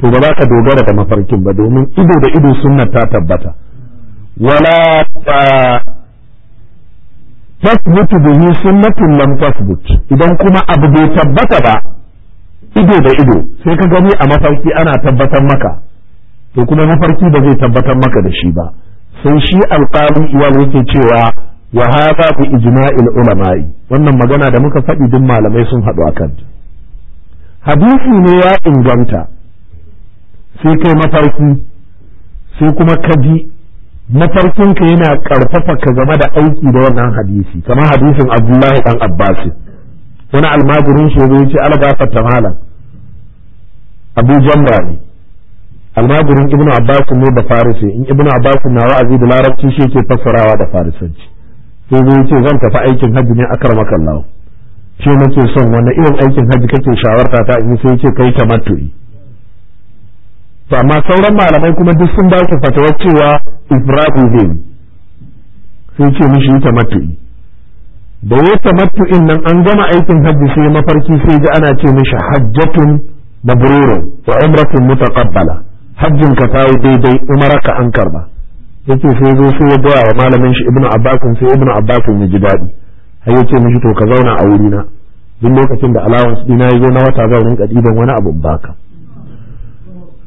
to ba za ka dogara da mafarkin ba domin ido da ido sunna ta tabbata wala tasbutu bihi sunnatun lam tasbut idan kuma abu bai tabbata ba ido da ido sai ka gani a mafarki ana tabbatar maka to kuma mafarki ba zai tabbatar maka da shi ba sai shi alqali ya yake cewa wa hadha bi ijma'il ulama'i wannan magana da muka faɗi duk malamai sun haɗu akan hadisi ne ya inganta sai kai mafarki sai kuma ka mafarkin ka yana karfafa ka game da aiki da wannan hadisi kamar hadisin abdullahi dan abbas wani almajirin shi zai ce algafa ta abu jamra ne almajirin ibnu abbas ne da farisi in ibnu abbas na wa'azi da larabci shi yake fassarawa da farisanci sai zai ce zan tafi aikin hajji ne akramakallahu ce nake son wanne irin aikin hajji kake shawarta ta in sai ka kai tamattu'i to amma sauran malamai kuma duk sun ba su fatawa cewa ifradi zai sai ce mishi ta matu'i da ya tamattu'in nan an gama aikin hajji sai mafarki sai ji ana ce mishi hajjatun mabrurun wa umratun mutaqabbala hajjin ka ta dai daidai umaraka an karba yace sai zo sai ya gaya wa malamin shi ibnu abbas sai ibnu abbas ya ji daɗi har yace ce mishi to ka zauna a wurina duk lokacin da allowance dina ya zo na wata zan rinka wani abu baka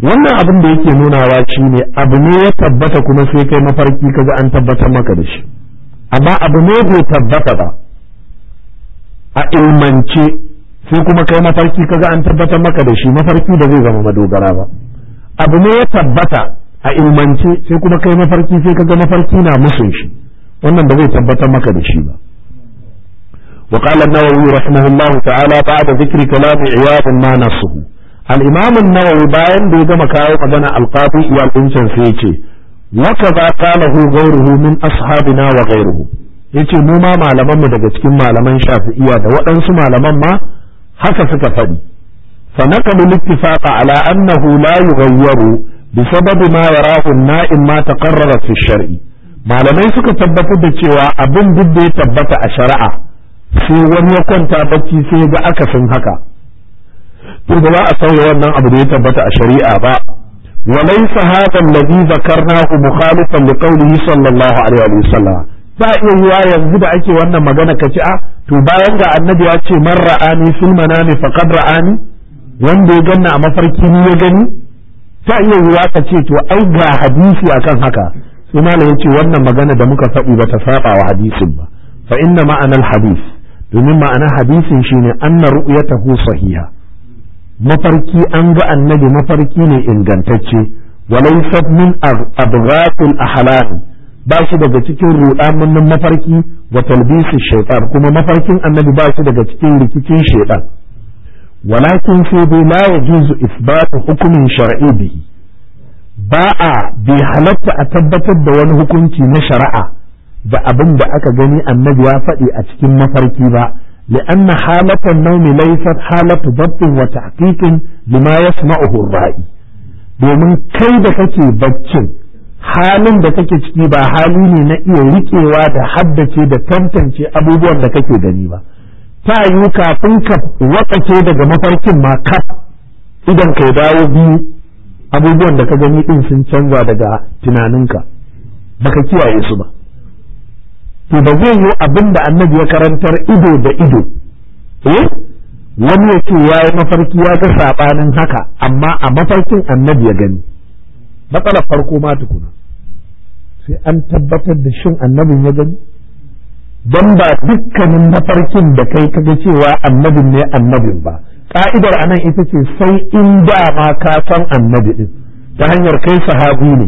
wannan abin da yake nunawa shi ne abu ne ya tabbata kuma sai kai mafarki kaga an tabbatar maka da shi amma abu ne bai tabbata ba a ilmance sai kuma kai mafarki kaga an tabbatar maka da shi mafarki ba zai zama madogara ba abu ne ya tabbata a ilmance sai kuma kai mafarki sai kaga mafarki na musun shi wannan ba zai tabbatar maka da shi ba وقال النووي رحمه الله تعالى بعد ذكر كلام عياض ما نصه al'imamin imamun nawawi bayan da ya gama kawo magana alqafi iyal dincan sai yace wa kaza qalahu ghayruhu min ashabina wa ghayruhu yace mu ma malaman mu daga cikin malaman shafi'iyya da waɗansu malaman ma haka suka faɗi fa mu al-ittifaq ala annahu la yughayyaru بسبب ما يراه النائم ما تقرر في الشرع malamai suka tabbatar da cewa abin duk ya tabbata a shari'a sai wani ya kwanta bacci sai ga akasin haka kun ba a sauya wannan abu da ya tabbata a shari'a ba wa laysa hadha alladhi dhakarnahu mukhalifan li qawlihi sallallahu alaihi wa sallam ba iya yiwa yanzu da ake wannan magana ka a ah, to bayan ga annabi ya ce man ra'ani fil manami faqad ra'ani wanda ya ganna a mafarki ni ya gani ta iya yiwa ka ce to ai ga hadisi akan haka sai malam yace wannan magana da muka faɗi ba ta saba wa hadisin ba fa inna ma'anar hadis domin ma'anar hadisin shine anna ru'yatahu sahiha mafarki an ga annabi mafarki ne ingantacce walaysat min abghatil ahlam ba shi daga cikin rudanin mafarki wa talbisu shaytan kuma mafarkin annabi ba shi daga cikin rikicin shaytan walakin sai dai la yajuzu isbatu hukumin shar'i bihi ba a bai halatta a tabbatar da wani hukunci na shari'a da abin da aka gani annabi ya faɗi a cikin mafarki ba لأن حالة النوم ليست حالة ضبط وتحقيق لما يسمعه الرائي domin kai da kake baccin halin da kake ciki ba hali ne na iya riƙewa da haddace da tantance abubuwan da kake gani ba ta yi kafin ka watsake daga mafarkin ma idan ka dawo biyu abubuwan da ka gani din sun canza daga tunaninka baka kiyaye su ba to ba zai yi abin da annabi ya karantar ido da ido eh wani ya ce ya yi mafarki ya ga sabanin haka amma a mafarkin annabi ya gani matsalar farko ma tukuna sai an tabbatar da shin annabin ya gani don ba dukkanin mafarkin da kai ka ga cewa annabin ne annabin ba ka'idar anan ita ce sai in dama ka san annabi din ta hanyar kai sahabi ne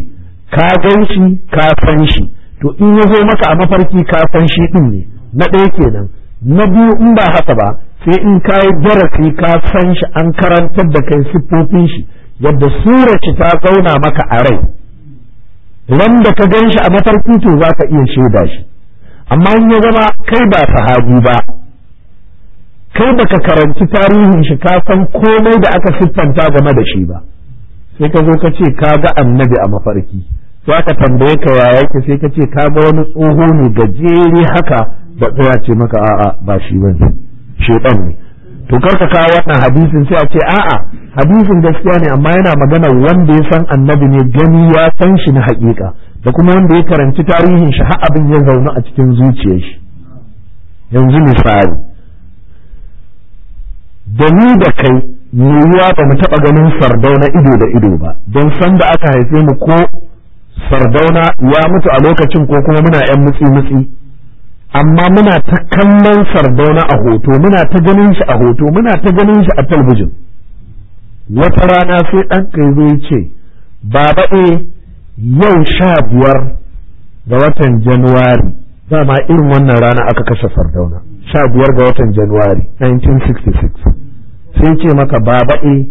ka gan ka san shi to in ya zo maka a mafarki ka san shi din ne na ɗaya kenan na biyu in ba haka ba sai in ka yi darasi ka san shi an karantar da kai siffofin shi yadda sura shi ta zauna maka a rai wanda ka gan shi a mafarki to za ka iya shaida shi amma in ya zama kai ba sahabi ba kai baka karanci tarihin shi ka san komai da aka siffanta game da shi ba sai ka zo ka ce ka ga annabi a mafarki to aka tambaye ka ya yake sai ka ce ka ga wani tsoho ne gajere haka ba tsaya ce maka a'a ba shi bane ne shedan ne to karka kawo wannan hadisin sai a ce a'a hadisin gaskiya ne amma yana magana wanda ya san annabi ne gani ya san shi na hakika da kuma wanda ya karanci tarihin shi har abin ya zauna a cikin zuciyar shi yanzu misali da ni da kai yiwuwa ba mu taɓa ganin sardau na ido da ido ba don san da aka haife mu ko sardauna ya mutu a lokacin ko kuma muna yan mutsi mutsi amma muna ta kallon sardauna a hoto muna ta ganin shi a hoto muna ta ganin shi a talbijin wata rana sai ɗan kai zai ce baba e yau sha biyar ga watan januwari ma irin wannan rana aka kashe sardauna sha biyar ga watan januwari 1966 sai ce maka baba e